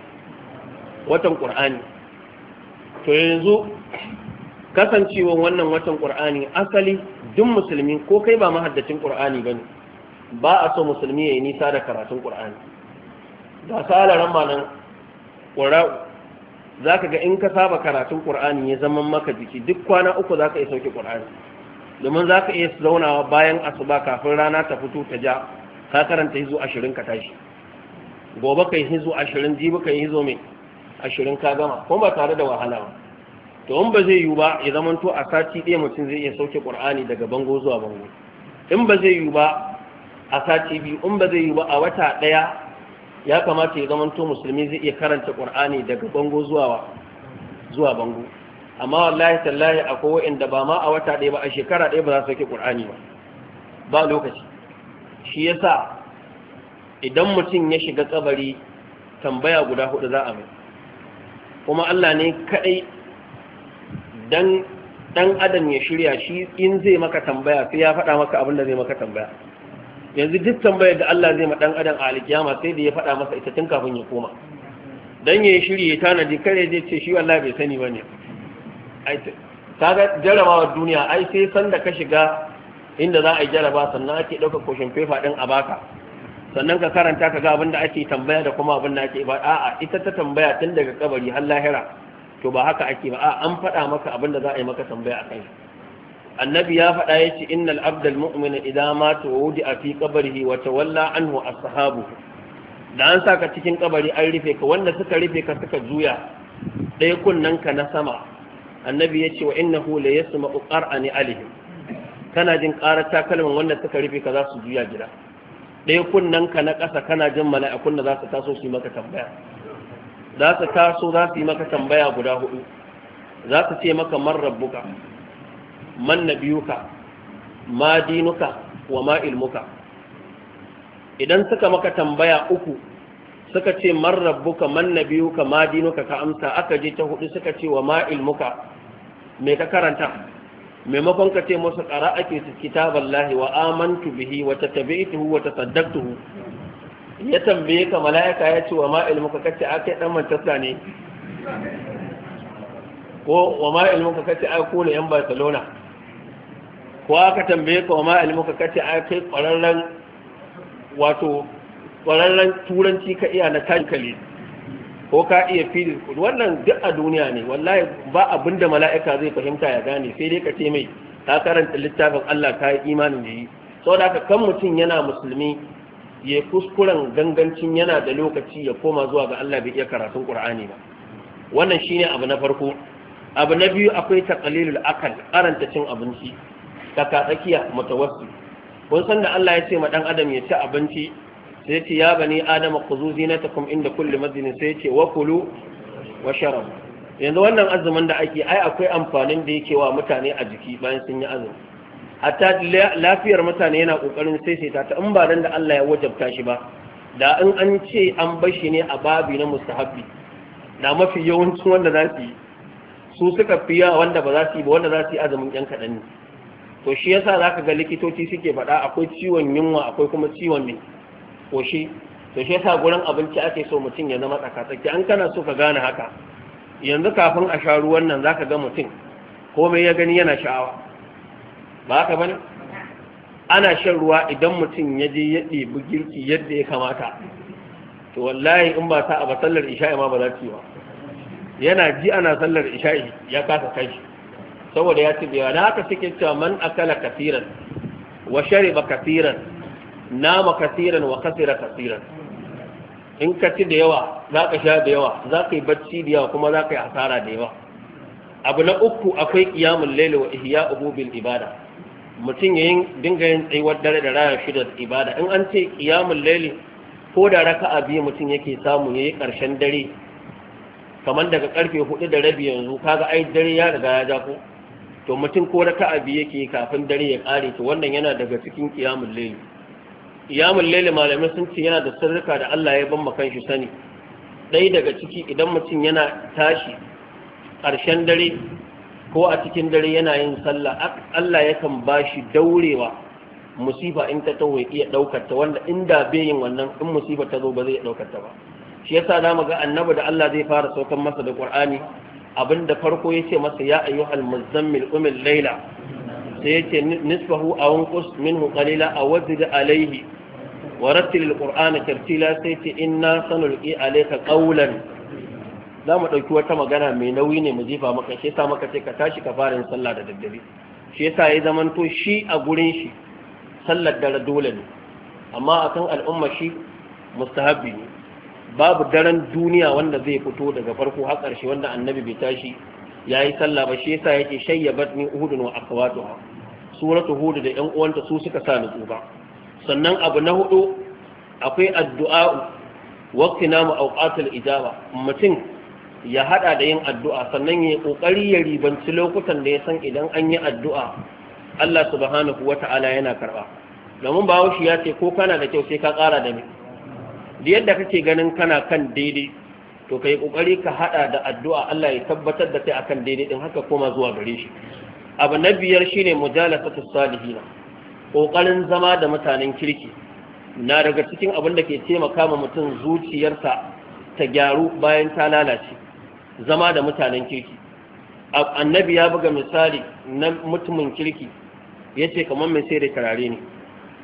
watan qur'ani to yanzu kasancewa wannan watan qur'ani asali duk musulmi ko kai ba mahaddacin qur'ani bane ba a so musulmi ya yi nisa da karatun ƙur'ani ga salaran malam ƙura za ka ga in ka saba karatun ƙur'ani ya zama maka jiki duk kwana uku za ka iya sauke ƙur'ani domin za ka iya zaunawa bayan asuba kafin rana ta fito ta ja ka karanta hizo ashirin ka tashi gobe ka yi hizo ashirin jibi ka yi hizo mai ashirin ka gama Ko ba tare da wahala ba to in ba zai yiwu ba ya zamanto a sati ɗaya mutum zai iya sauke ƙur'ani daga bango zuwa bango in ba zai yiwu ba a sati biyu in ba zai yi ba a wata ɗaya ya kamata ya zamanto musulmi zai iya karanta ƙur'ani daga bango zuwa bango amma wallahi tallahi akwai da ba ma a wata ɗaya ba a shekara ɗaya ba za su yake ƙur'ani ba ba lokaci shi ya sa idan mutum ya shiga tsabari tambaya guda hudu za a mai kuma Allah ne kaɗai dan adam ya shirya shi in zai maka tambaya sai ya faɗa maka abin da zai maka tambaya yanzu duk tambayar da Allah zai ma dan adam a alkiyama sai da ya faɗa masa ita tun kafin ya koma dan yayi shiri ya tanadi kare zai ce shi wallahi bai sani bane ai ga jarabawar duniya ai sai san da ka shiga inda za a yi jaraba sannan ake ɗauka koshin fefa ɗin a baka sannan ka karanta ka ga abin da ake tambaya da kuma abin da ake ba a'a ita ta tambaya tun daga kabari har lahira to ba haka ake ba a'a an faɗa maka abin da za a yi maka tambaya a kai annabi ya faɗa ya ce innal abdal mu'mina idan mata wa wudi a fi kabarihi wa tawalla anhu ashabu da an saka cikin kabari an rufe ka wanda suka rufe ka suka juya ɗaya kunnen ka na sama annabi ya ce wa innahu la yasma'u qar'ani alihim kana jin ƙarar takalmin wanda suka rufe ka za su juya gida ɗaya kunnen ka na ƙasa kana jin mala'ikun da za su taso su yi maka tambaya za su taso za su yi maka tambaya guda hudu za su ce maka man rabbuka man nabiyuka ma dinuka wa ma ilmuka idan suka maka tambaya uku suka ce man rabbuka man nabiyuka ma dinuka ka amsa aka je ta hudu suka ce wa ma ilmuka me ka karanta maimakon ka ce musu ƙara ake su kitaballahi wa amantu bihi wa tattabi'tuhu wa tasaddaqtuhu ya tambaye ka mala'ika ya ce wa ma ilmuka kace kai dan Manchester ne ko wa ma ilmuka kace ai kula yan Barcelona ko aka tambaye ka wa ma'alimu ka kace ai kai ƙwararren wato ƙararren turanci ka iya na tankali ko ka iya fili wannan duk a duniya ne wallahi ba abin da mala'ika zai fahimta ya gane sai dai ka ce mai ka karanta littafin Allah ka yi imanin da yi saboda haka kan mutum yana musulmi ya kuskuren gangancin yana da lokaci ya koma zuwa ga Allah bai iya karatun Qur'ani ba wannan shine abu na farko abu na biyu akwai taqlilul akal karanta cin abinci tsaka tsakiya mutawassi kun san da Allah ya ce ma dan adam ya ci abinci sai ya ce ya bani adama khuzu zinatakum inda kulli madin sai ce wa kulu wa sharab yanzu wannan azumin da ake ai akwai amfanin da yake wa mutane a jiki bayan sun yi azumi hatta lafiyar mutane yana kokarin sai sai ta in ba dan da Allah ya wajabta shi ba da in an ce an bashi ne a babi na mustahabbi na mafi yawancin wanda za yi su suka fiya wanda ba za yi ba wanda za su yi azumin yan kaɗan ne to shi yasa zaka ga likitoci suke faɗa akwai ciwon yunwa akwai kuma ciwon ne koshi to shi yasa gurin abinci ake so mutum ya zama tsakatsaki an kana so ka gane haka yanzu kafin a sha ruwan nan zaka ga mutum komai ya gani yana sha'awa ba ka bane ana shan ruwa idan mutum ya je ya ɗebi girki yadda ya kamata to wallahi in ba ta a ba sallar isha'i ma ba za ta yi ba yana ji ana sallar isha'i ya kasa kai saboda ya ci da na haka suke cewa man akala kasiran wa shariba kasiran nama kasiran wa kasira kasiran in ka ci da yawa za ka sha da yawa za ka yi bacci da yawa kuma za ka yi asara da yawa abu na uku akwai kiyamun lele wa ihya'uhu ububin ibada mutum yayin dinga yin tsayuwar dare da rana shida da ibada in an ce kiyamun lele ko da raka'a biyu mutum yake samu yayi karshen dare kamar daga karfe hudu da rabi yanzu kaga ai dare ya riga ya ja ko to mutum ko raka a biye yake kafin dare ya kare to wannan yana daga cikin qiyamul layl qiyamul layl malamai sun ce yana da sirrika da Allah ya ban makan shi sani ɗaya daga ciki idan mutum yana tashi ƙarshen dare ko a cikin dare yana yin sallah Allah yakan ba shi daurewa musifa in ta tawo iya ɗaukata, ta wanda inda bai yin wannan in musifa ta zo ba zai ɗaukar ta ba shi yasa za mu ga annabi da Allah zai fara saukan masa da Qur'ani abinda farko ya ce masa ya ayyuhal muzammil umil layla, sai yace nisfahu aw unqus minhu qalila aw wazid alayhi wa rattil al-qur'ana tartila sai yace inna sanulqi alayka qawlan za mu ɗauki wata magana mai nauyi ne mu jifa maka shi yasa maka ce ka tashi ka fara yin sallah da daddare shi yasa ya zamanto shi a gurin shi sallar dare dole ne amma akan al'umma shi mustahabbi ne babu daren duniya wanda zai fito daga farko har ƙarshe wanda annabi bai tashi yayi sallah ba shi yasa yake shayyabat ni uhudun wa akhawatuha suratu hud da yan uwanta su suka sa nutsu ba sannan abu na hudu akwai addu'a waqtina mu awqatul ijaba mutum ya hada da yin addu'a sannan ya kokari ya ribanci lokutan da ya san idan an yi addu'a Allah subhanahu wata'ala yana karba domin ba shi ya ce ko kana da kyau sai ka kara da mai da yadda kake ganin kana kan daidai to kai kokari ka hada da addu'a Allah ya tabbatar da kai akan daidai din haka koma zuwa gare shi abu na biyar shine mujalasatu salihin kokarin zama da mutanen kirki na daga cikin abin da ke taimaka ma mutum zuciyarsa ta gyaru bayan ta lalace zama da mutanen kirki annabi ya buga misali na mutumin kirki yace kamar mai sai da karare ne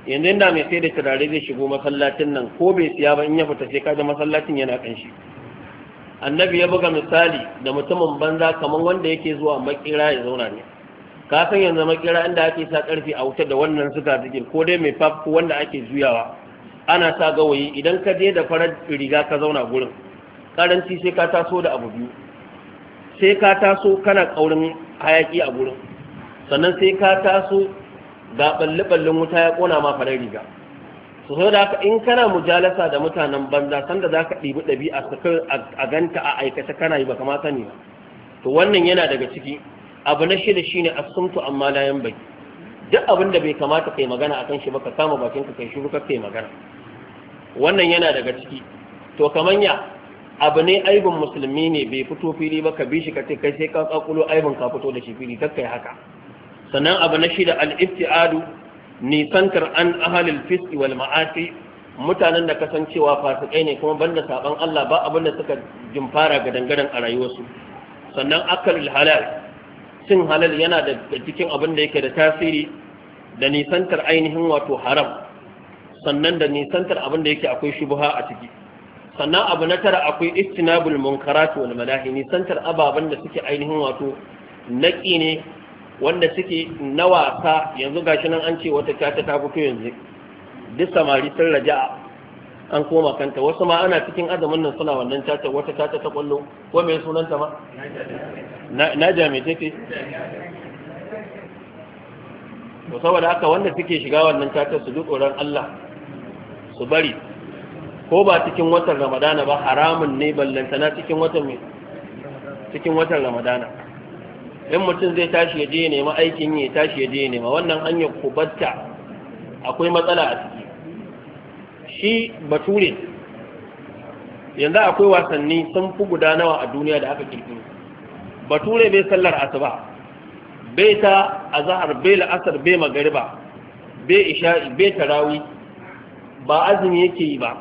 yanzu inda mai sai da turare zai shigo masallacin nan ko bai siya ba in ya fita sai kaji masallacin yana kanshi annabi ya buga misali da mutumin banza kamar wanda yake zuwa makira ya zauna ne ka san yanzu makira inda ake sa karfi a wuta da wannan suka zikir ko dai mai faf ko wanda ake juyawa ana sa gawayi idan ka je da farar riga ka zauna gurin karanci sai ka taso da abu biyu sai ka taso kana kaurin hayaki a gurin sannan sai ka taso ga balle-ballen wuta ya kona ma farin riga su so da in kana mujalasa da mutanen banza sanda za ka ɗibi ɗabi'a a ganta a aikata kana yi ba sani ba. to wannan yana daga ciki abu na shida shine asumtu amma layan bai. duk abin da bai kamata kai magana akan shi ba ka kama bakin ka kai shiru ka kai magana wannan yana daga ciki to kaman ya abu ne aibin musulmi ne bai fito fili ba ka bi shi ka ce kai sai ka kakulo aibin ka fito da shi fili kakkai haka sannan abu na shida al-ibtiadu nisantar an ahalil fiski wal ma'asi mutanen da kasancewa fasikai ne kuma banda saban Allah ba abin da suka jimfara ga dangaren a rayuwarsu sannan akalul halal cin halal yana da cikin abin da yake da tasiri da nisantar ainihin wato haram sannan da nisantar abin da yake akwai shubha a ciki sannan abu na tara akwai istinabul munkarat wal malahi nisantar ababen da suke ainihin wato naki ne wanda suke na wasa yanzu gashi nan an ce wata caca ta fito yanzu duk samari sun raja an koma kanta wasu ma ana cikin azumin nan suna wannan caca wata caca ta kwallo ko me sunanta ma na jami take to saboda haka wanda suke shiga wannan caca su duk tsoron Allah su bari ko ba cikin watan Ramadana ba haramun ne ballantana cikin watan cikin watan Ramadana in mutum zai tashi ya je nema aikin yi tashi ya je nema wannan hanyar kubatta akwai matsala a ciki shi bature yanzu akwai wasanni sun fi guda nawa a duniya da aka kirkiro bature bai sallar asuba bai ta azahar bai la'asar bai magariba bai isha'i bai tarawi ba azumi yake yi ba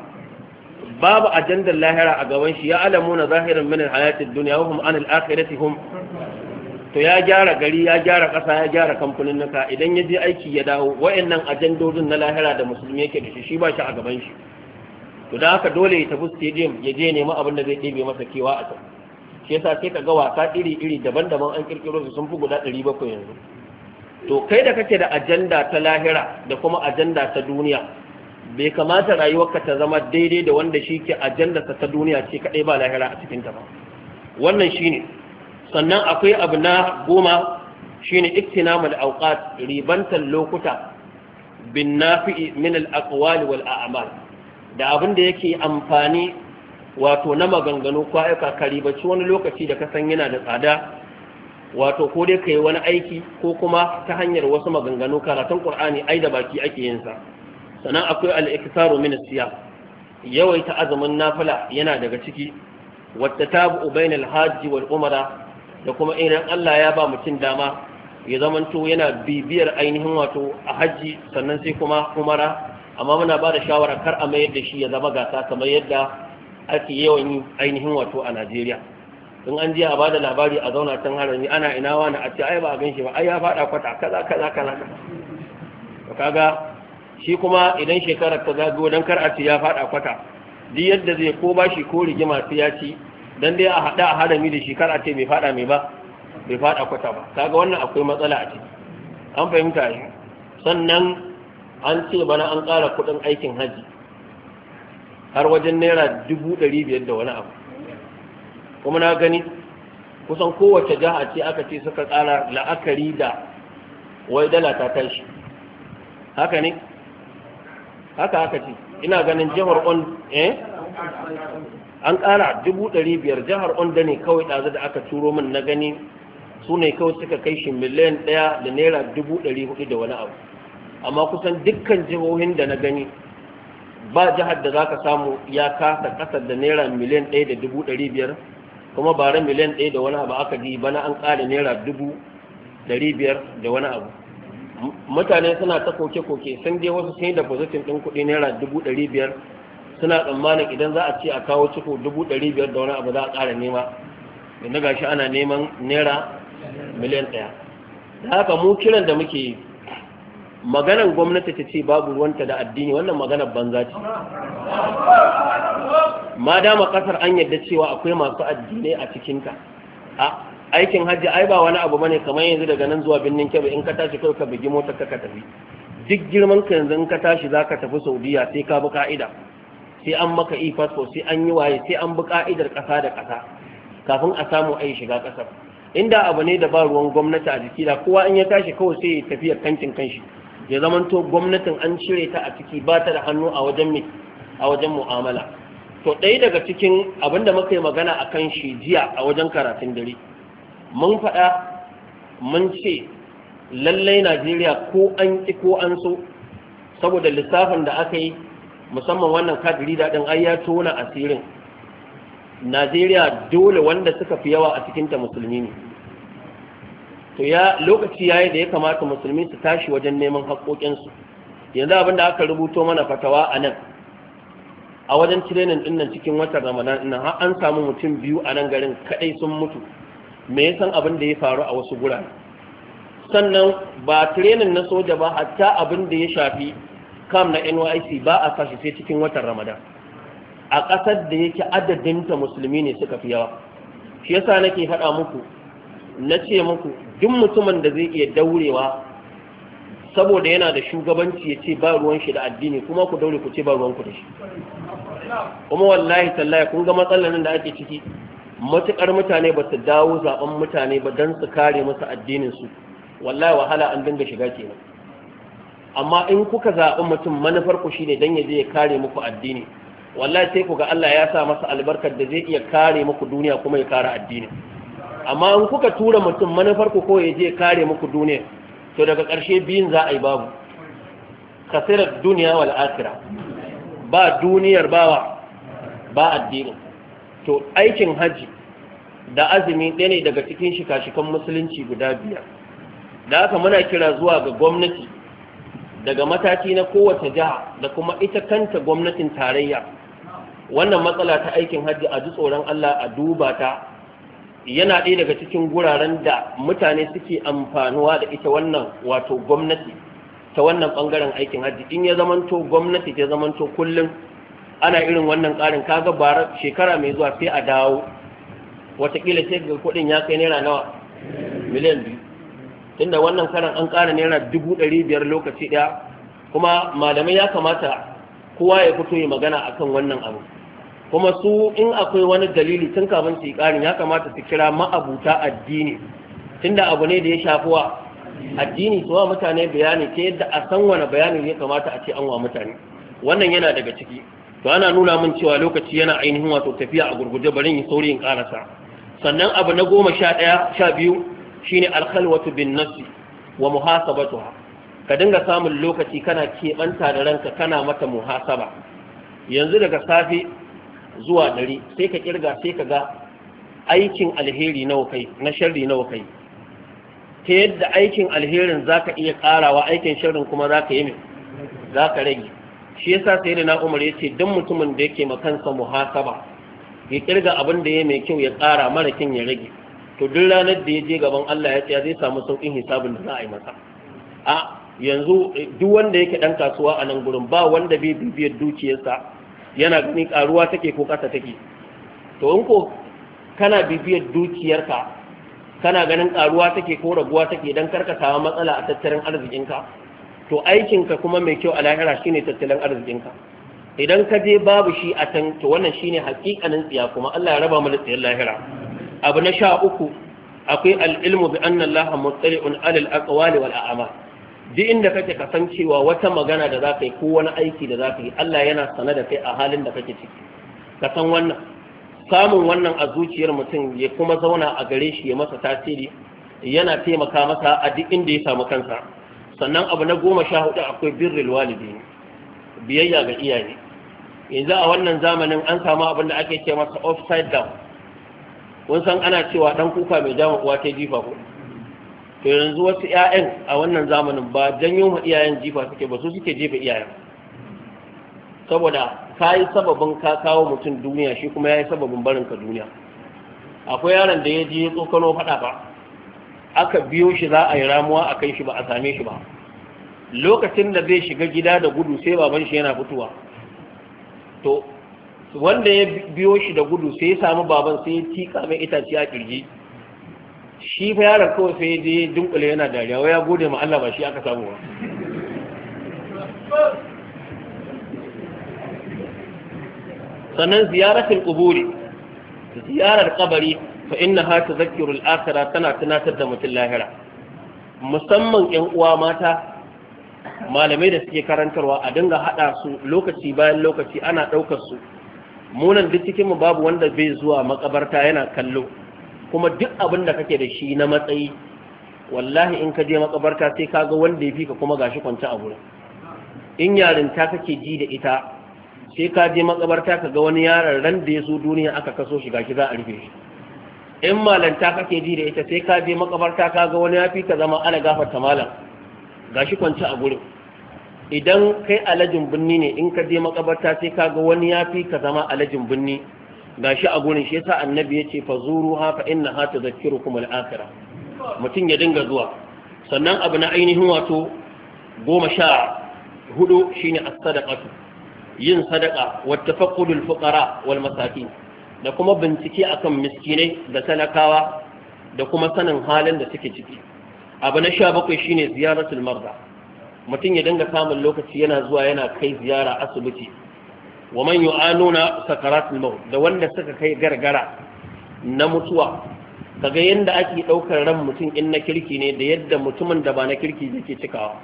babu ajandar lahira a gaban shi ya na zahirin min alhayatid dunya wa hum an akhirati hum to ya gyara gari ya gyara ƙasa ya gyara kamfanin naka idan ya je aiki ya dawo wayannan ajandodin na lahira da musulmi yake da shi shi ba shi a gaban shi to da haka dole ya tafi stadium ya je nema abin da zai ɗebe masa kewa a can shi yasa sai ka ga wasa iri iri daban-daban an kirkiro su sun fi guda ɗari bakwai yanzu to kai da kake da ajanda ta lahira da kuma ajanda ta duniya bai kamata rayuwarka ta zama daidai da wanda shi ke ajandarsa ta duniya ce kaɗai ba lahira a cikinta ba wannan shine ne sannan akwai abu na goma shi ne shine iktinamul awqat ribantan lokuta bin nafi'i min al wal da abin da yake amfani wato na maganganu ko aika ka wani lokaci da ka san yana da tsada wato ko dai kai wani aiki ko kuma ta hanyar wasu maganganu karatun qur'ani ai da baki ake yinsa. sannan akwai al-iktaru min siyam yawaita azumin nafila yana daga ciki wata bainal hajji wal umara da kuma idan Allah ya ba mutum dama ya zamanto yana bibiyar ainihin wato a hajji sannan sai kuma umara amma muna ba da shawara kar a mayar da shi ya zama gasa kamar yadda ake yawan yi ainihin wato a Najeriya in an je a ba da labari a zauna can harami ana ina wani a ce ai ba a gan shi ba ai ya faɗa kwata kaza kaza kaza kaga shi kuma idan shekarar ta zagi wadan kar a ce ya faɗa kwata duk yadda zai ko bashi ko rigima sai ya ci dan dai a hada harami da a ce bai fada mai ba bai fada kwata ba kaga wannan akwai matsala a ciki an fahimta shi sannan an ce bana an ƙara kuɗin aikin haji har wajen naira dubu ɗari biyar da wani abu kuma na gani kusan kowace a ce aka ce suka kara la'akari da wai dala ta tashi haka ne haka haka ce ina ganin jihar on eh an ƙara dubu ɗari biyar jihar onda ne kawai ɗazu da aka turo min na gani su ne kawai suka kai shi miliyan ɗaya da naira dubu ɗari hudu da wani abu amma kusan dukkan jihohin da na gani ba jihar da za ka samu ya kasa ƙasar da naira miliyan ɗaya da dubu ɗari biyar kuma bara miliyan ɗaya da wani abu aka ji bana an ƙara naira dubu ɗari biyar da wani abu mutane suna ta koke-koke sun je wasu sun yi da ɗin kuɗi naira dubu ɗari biyar suna tsammanin idan za a ce a kawo ciko dubu ɗari biyar da wani abu za a ƙara nema inda gashi ana neman naira miliyan ɗaya da haka mu kiran da muke yi maganar gwamnati ta ce babu ruwanta da addini wannan maganar banza ce ma dama kasar an yadda cewa akwai masu addinai a cikinta a aikin hajji ai ba wani abu bane kamar yanzu daga nan zuwa birnin kebe in ka tashi kai ka bugi motar ka tafi duk girman ka yanzu in ka tashi zaka tafi saudiya sai ka bi ka'ida sai an maka e fasfo sai an yi waye sai an bi ka'idar ƙasa da ƙasa kafin a samu a shiga ƙasar inda abu ne da ba ruwan gwamnati a jiki da kowa in ya tashi kawai sai ya tafi kankin kanshi ya zamanto gwamnatin an cire ta a ciki ba ta da hannu a wajen a wajen mu'amala to ɗaya daga cikin abin da muka yi magana a kan shi jiya a wajen karatun dare mun faɗa mun ce lallai najeriya ko an ƙi ko an so saboda lissafin da aka yi musamman wannan kadiri daɗin ai ya tona asirin najeriya dole wanda suka fi yawa a cikinta musulmi ne to ya lokaci yayi da ya kamata musulmi su tashi wajen neman haƙoƙinsu yanzu abin da aka rubuto mana fatawa a nan a wajen tirenin dinnan cikin watan ramadan ina har an samu mutum biyu a nan garin kaɗai sun mutu me ya san abin da ya faru a wasu gurare sannan ba tirenin na soja ba hatta abin da ya shafi kam na NYC ba a sashi sai cikin watan Ramadan a ƙasar da yake adadinta musulmi ne suka fi yawa shi yasa nake faɗa muku na ce muku duk mutumin da zai iya daurewa saboda yana da shugabanci ya ce ba ruwan shi da addini kuma ku daure ku ce ba ruwan ku da shi kuma wallahi tallahi kun ga matsalar da ake ciki matukar mutane ba su dawo zaben mutane ba don su kare musu addinin su wallahi wahala an dinga shiga kenan amma in kuka zaɓi mutum manufar ku shine dan ya je ya kare muku addini wallahi sai ku ga Allah ya sa masa albarkar da zai iya kare muku duniya kuma ya kare addini amma in kuka tura mutum manufar ku ko ya je ya kare muku duniya to daga ƙarshe biyun za a yi babu kasirar duniya wal akhirah ba duniyar bawa ba addini to aikin haji da azumi ɗaya ne daga cikin shika-shikan musulunci guda biyar da haka muna kira zuwa ga gwamnati daga mataki na kowace jiha da kuma ita kanta gwamnatin tarayya wannan matsala ta aikin hajji a ji tsoron Allah a duba ta yana ɗaya daga cikin guraren da mutane suke amfanuwa da ita wannan wato gwamnati ta wannan ɓangaren aikin hajji in ya zamanto gwamnati ta zamanto kullum ana irin wannan ƙarin kaga bara shekara mai zuwa sai a dawo watakila sai ga kuɗin ya kai naira nawa miliyan biyu tunda wannan karan an ƙara naira dubu ɗari biyar lokaci ɗaya kuma malamai ya kamata kowa ya fito ya magana akan wannan abu kuma su in akwai wani dalili tun kafin su yi ƙarin ya kamata su kira ma'abuta addini tunda abu ne da ya shafi wa addini su wa mutane bayani ta yadda a san wani bayanin ya kamata a ce an wa mutane wannan yana daga ciki to ana nuna min cewa lokaci yana ainihin wato tafiya a gurguje barin yi sauri in ƙarasa sannan abu na goma sha ɗaya sha biyu shine alkhalwatu bin nafsi wa muhasabatuha ka dinga samun lokaci kana keɓanta da ranka kana mata muhasaba yanzu daga safe zuwa dare sai ka kirga sai ka ga aikin alheri nawa kai na sharri nawa kai ta yadda aikin alherin zaka iya karawa aikin sharrin kuma zaka yi zaka rage shi yasa sai da na umar yace dan mutumin da yake makansa muhasaba ya kirga abin da ya mai kyau ya kara mara kin ya rage to duk ranar da ya je gaban Allah ya tsaya zai samu saukin hisabin da za a yi masa a yanzu eh, duk wanda yake dan kasuwa a nan gurin ba wanda bai bibiyar dukiyarsa yana gani karuwa take ko kasa take to in ko kana bibiyar dukiyarka kana ganin karuwa take ko raguwa take dan karka samu matsala a tattalin arzikinka to aikinka kuma mai kyau a lahira shine tattalin arzikinka idan ka je babu shi a can to wannan shine hakikanin tsiya kuma Allah ya raba mu da tsiyar lahira abu na sha uku akwai al'ilmu bi mutsari un alil alal ne wal a'ama duk inda kake kasancewa wata magana da ka yi ko wani aiki da ka yi Allah yana sana da kai a halin da kake ciki kasan wannan samun wannan a zuciyar mutum ya kuma zauna a gare shi ya masa tasiri yana taimaka masa a duk inda ya samu kansa sannan abu na goma sha hudu akwai birrin walidi, biyayya ga iyaye yanzu a wannan zamanin an samu abin da ake ce masa offside down kun san ana cewa ɗan kuka mai jama uwa ta jifa ko to yanzu wasu 'ya'yan a wannan zamanin ba janyo ma iyayen jifa suke ba su suke jefa iyayen saboda ka yi sababin ka kawo mutum duniya shi kuma ya yi sababin barin ka duniya akwai yaron da ya je ya tsokano faɗa ba aka biyo shi za a yi ramuwa a kan shi ba a same shi ba lokacin da zai shiga gida da gudu sai baban shi yana fitowa to wanda ya biyo shi da gudu sai ya samu baban sai ya tika mai itace a kirji shi fa da kawai sai je dunkule yana dariya wai ya gode ma Allah ba shi aka samu ba sannan ziyaratul quburi ziyarar kabari fa innaha tadhakkiru al-akhirah tana tunatar da mutum lahira musamman ƴan uwa mata malamai da suke karantarwa a dinga haɗa su lokaci bayan lokaci ana ɗaukar su munan duk cikin mu babu wanda bai zuwa makabarta yana kallo kuma duk abin da kake da shi na matsayi wallahi in ka je makabarta sai ka ga wanda ya fi ka kuma gashi kwance a gurin in yarinta kake ji da ita sai ka je makabarta ka ga wani yaron ran da ya zo duniya aka kaso shi gashi za a rufe shi in malanta kake ji da ita sai ka je makabarta ka ga wani ya fi ka zama ana gafarta malam gashi kwance a gurin idan kai alajin binni ne in ka je makabarta sai ka ga wani ya fi ka zama alajin binni shi a gurin shi yasa annabi ya ce fazuru ha fa inna ha tadhkirukum kuma akhirah mutum ya dinga zuwa sannan abu na ainihin wato goma sha hudu shine as-sadaqatu yin sadaka wata tafaqqudul fuqara wal da kuma bincike akan miskinai da talakawa da kuma sanin halin da suke ciki abu na sha bakwai shine ziyaratul marda mutum ya dinga samun lokaci yana zuwa yana kai ziyara asibiti wa man yu'anuna sakaratul maut da wanda suka kai gargara na mutuwa kaga yanda ake daukar ran mutum in na kirki ne da yadda mutumin da ba na kirki yake cikawa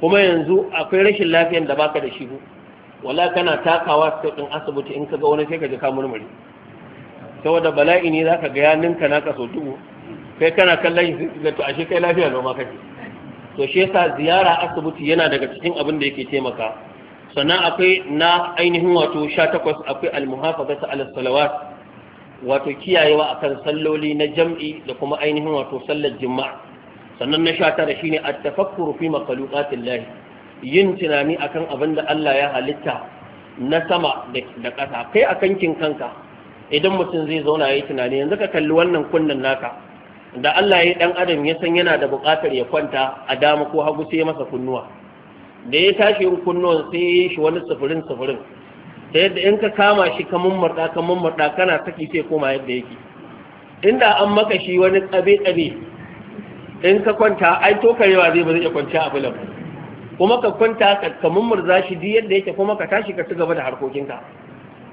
kuma yanzu akwai rashin lafiyar da baka da shi wala kana takawa sai din asibiti in kaga wani sai ka ji ka murmuri saboda bala'i ne zaka ga yaninka naka so dubu kai kana kallon shi to ashe kai lafiya ne ma kake to shi yasa ziyara asibiti yana daga cikin abin da yake taimaka sannan akwai na ainihin wato sha takwas akwai almuhafazatu ala salawat wato kiyayewa akan salloli na jam'i da kuma ainihin wato sallar juma'a sannan na sha shine at-tafakkuru fi makhluqatillah yin tunani akan abin da Allah ya halitta na sama da ƙasa kai a kin kanka idan mutum zai zauna yayi tunani yanzu ka kalli wannan kunnen naka da Allah ya dan adam ya san yana da buƙatar ya kwanta a dama ko hagu sai masa kunnuwa da ya tashi yin kunnuwan sai ya yi shi wani sufurin sufurin ta yadda in ka kama shi ka mummurɗa ka mummurɗa kana saki sai koma yadda yake inda an maka shi wani tsabe tsabe in ka kwanta ai to karewa zai ba zai kwanta a bulan kuma ka kwanta ka ka mummurza shi duk yadda yake kuma ka tashi ka ci gaba da harkokinka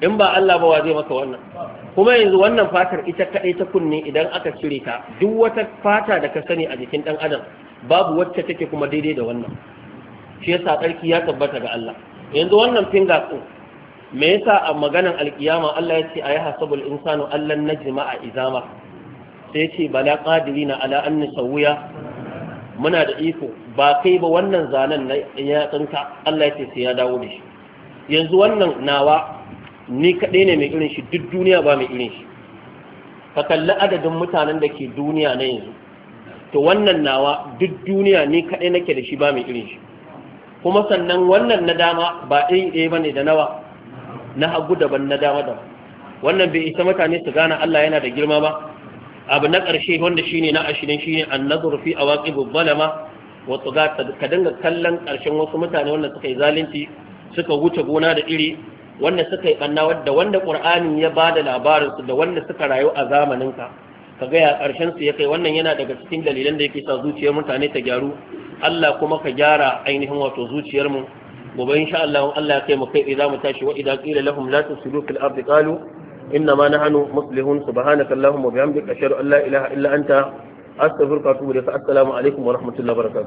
in ba Allah ba wa zai maka wannan kuma yanzu wannan fatar ita kaɗai ta kunne idan aka cire ta duk wata fata da ka sani a jikin ɗan adam babu wacce take kuma daidai da wannan shi yasa tsarki ya tabbata ga Allah yanzu wannan finger ɗin me yasa a maganar alkiyama Allah ya ce ayi hasabul insanu allan najma a izama sai ce bala qadirina ala an nusawiya muna da iko ba kai ba wannan zanen na ya tsinka Allah ya ce sai ya dawo da shi yanzu wannan nawa ni kaɗai ne mai irin shi duk duniya ba mai irin shi ka kalli adadin mutanen da ke duniya na yanzu to wannan nawa duk duniya ni kaɗai nake da shi ba mai irin shi kuma sannan wannan na dama ba ɗin ɗaya ba ne da nawa na hagu daban na dama daban wannan bai isa mutane su gane Allah yana da girma ba abu na ƙarshe wanda shine na ashirin shine annazur fi awaqibu zalama wa tsuga ka dinga kallon ƙarshen wasu mutane wanda suka yi zalunci suka wuce gona da iri wanda suka yi ɓanna da wanda ƙur'ani ya ba da labarinsu da wanda suka rayu a zamaninka ka gaya ƙarshen su ya kai wannan yana daga cikin dalilan da yake sa zuciyar mutane ta gyaru Allah kuma ka gyara ainihin wato zuciyar mu gobe insha Allah Allah ya kai mu kai za mu tashi wa idan qila lahum la tusidu fil ardi qalu inna ma nahnu muslihun subhanaka allahumma wa bihamdika ashhadu an la ilaha illa anta astaghfiruka wa atubu ilaik assalamu alaikum wa rahmatullahi wa barakatuh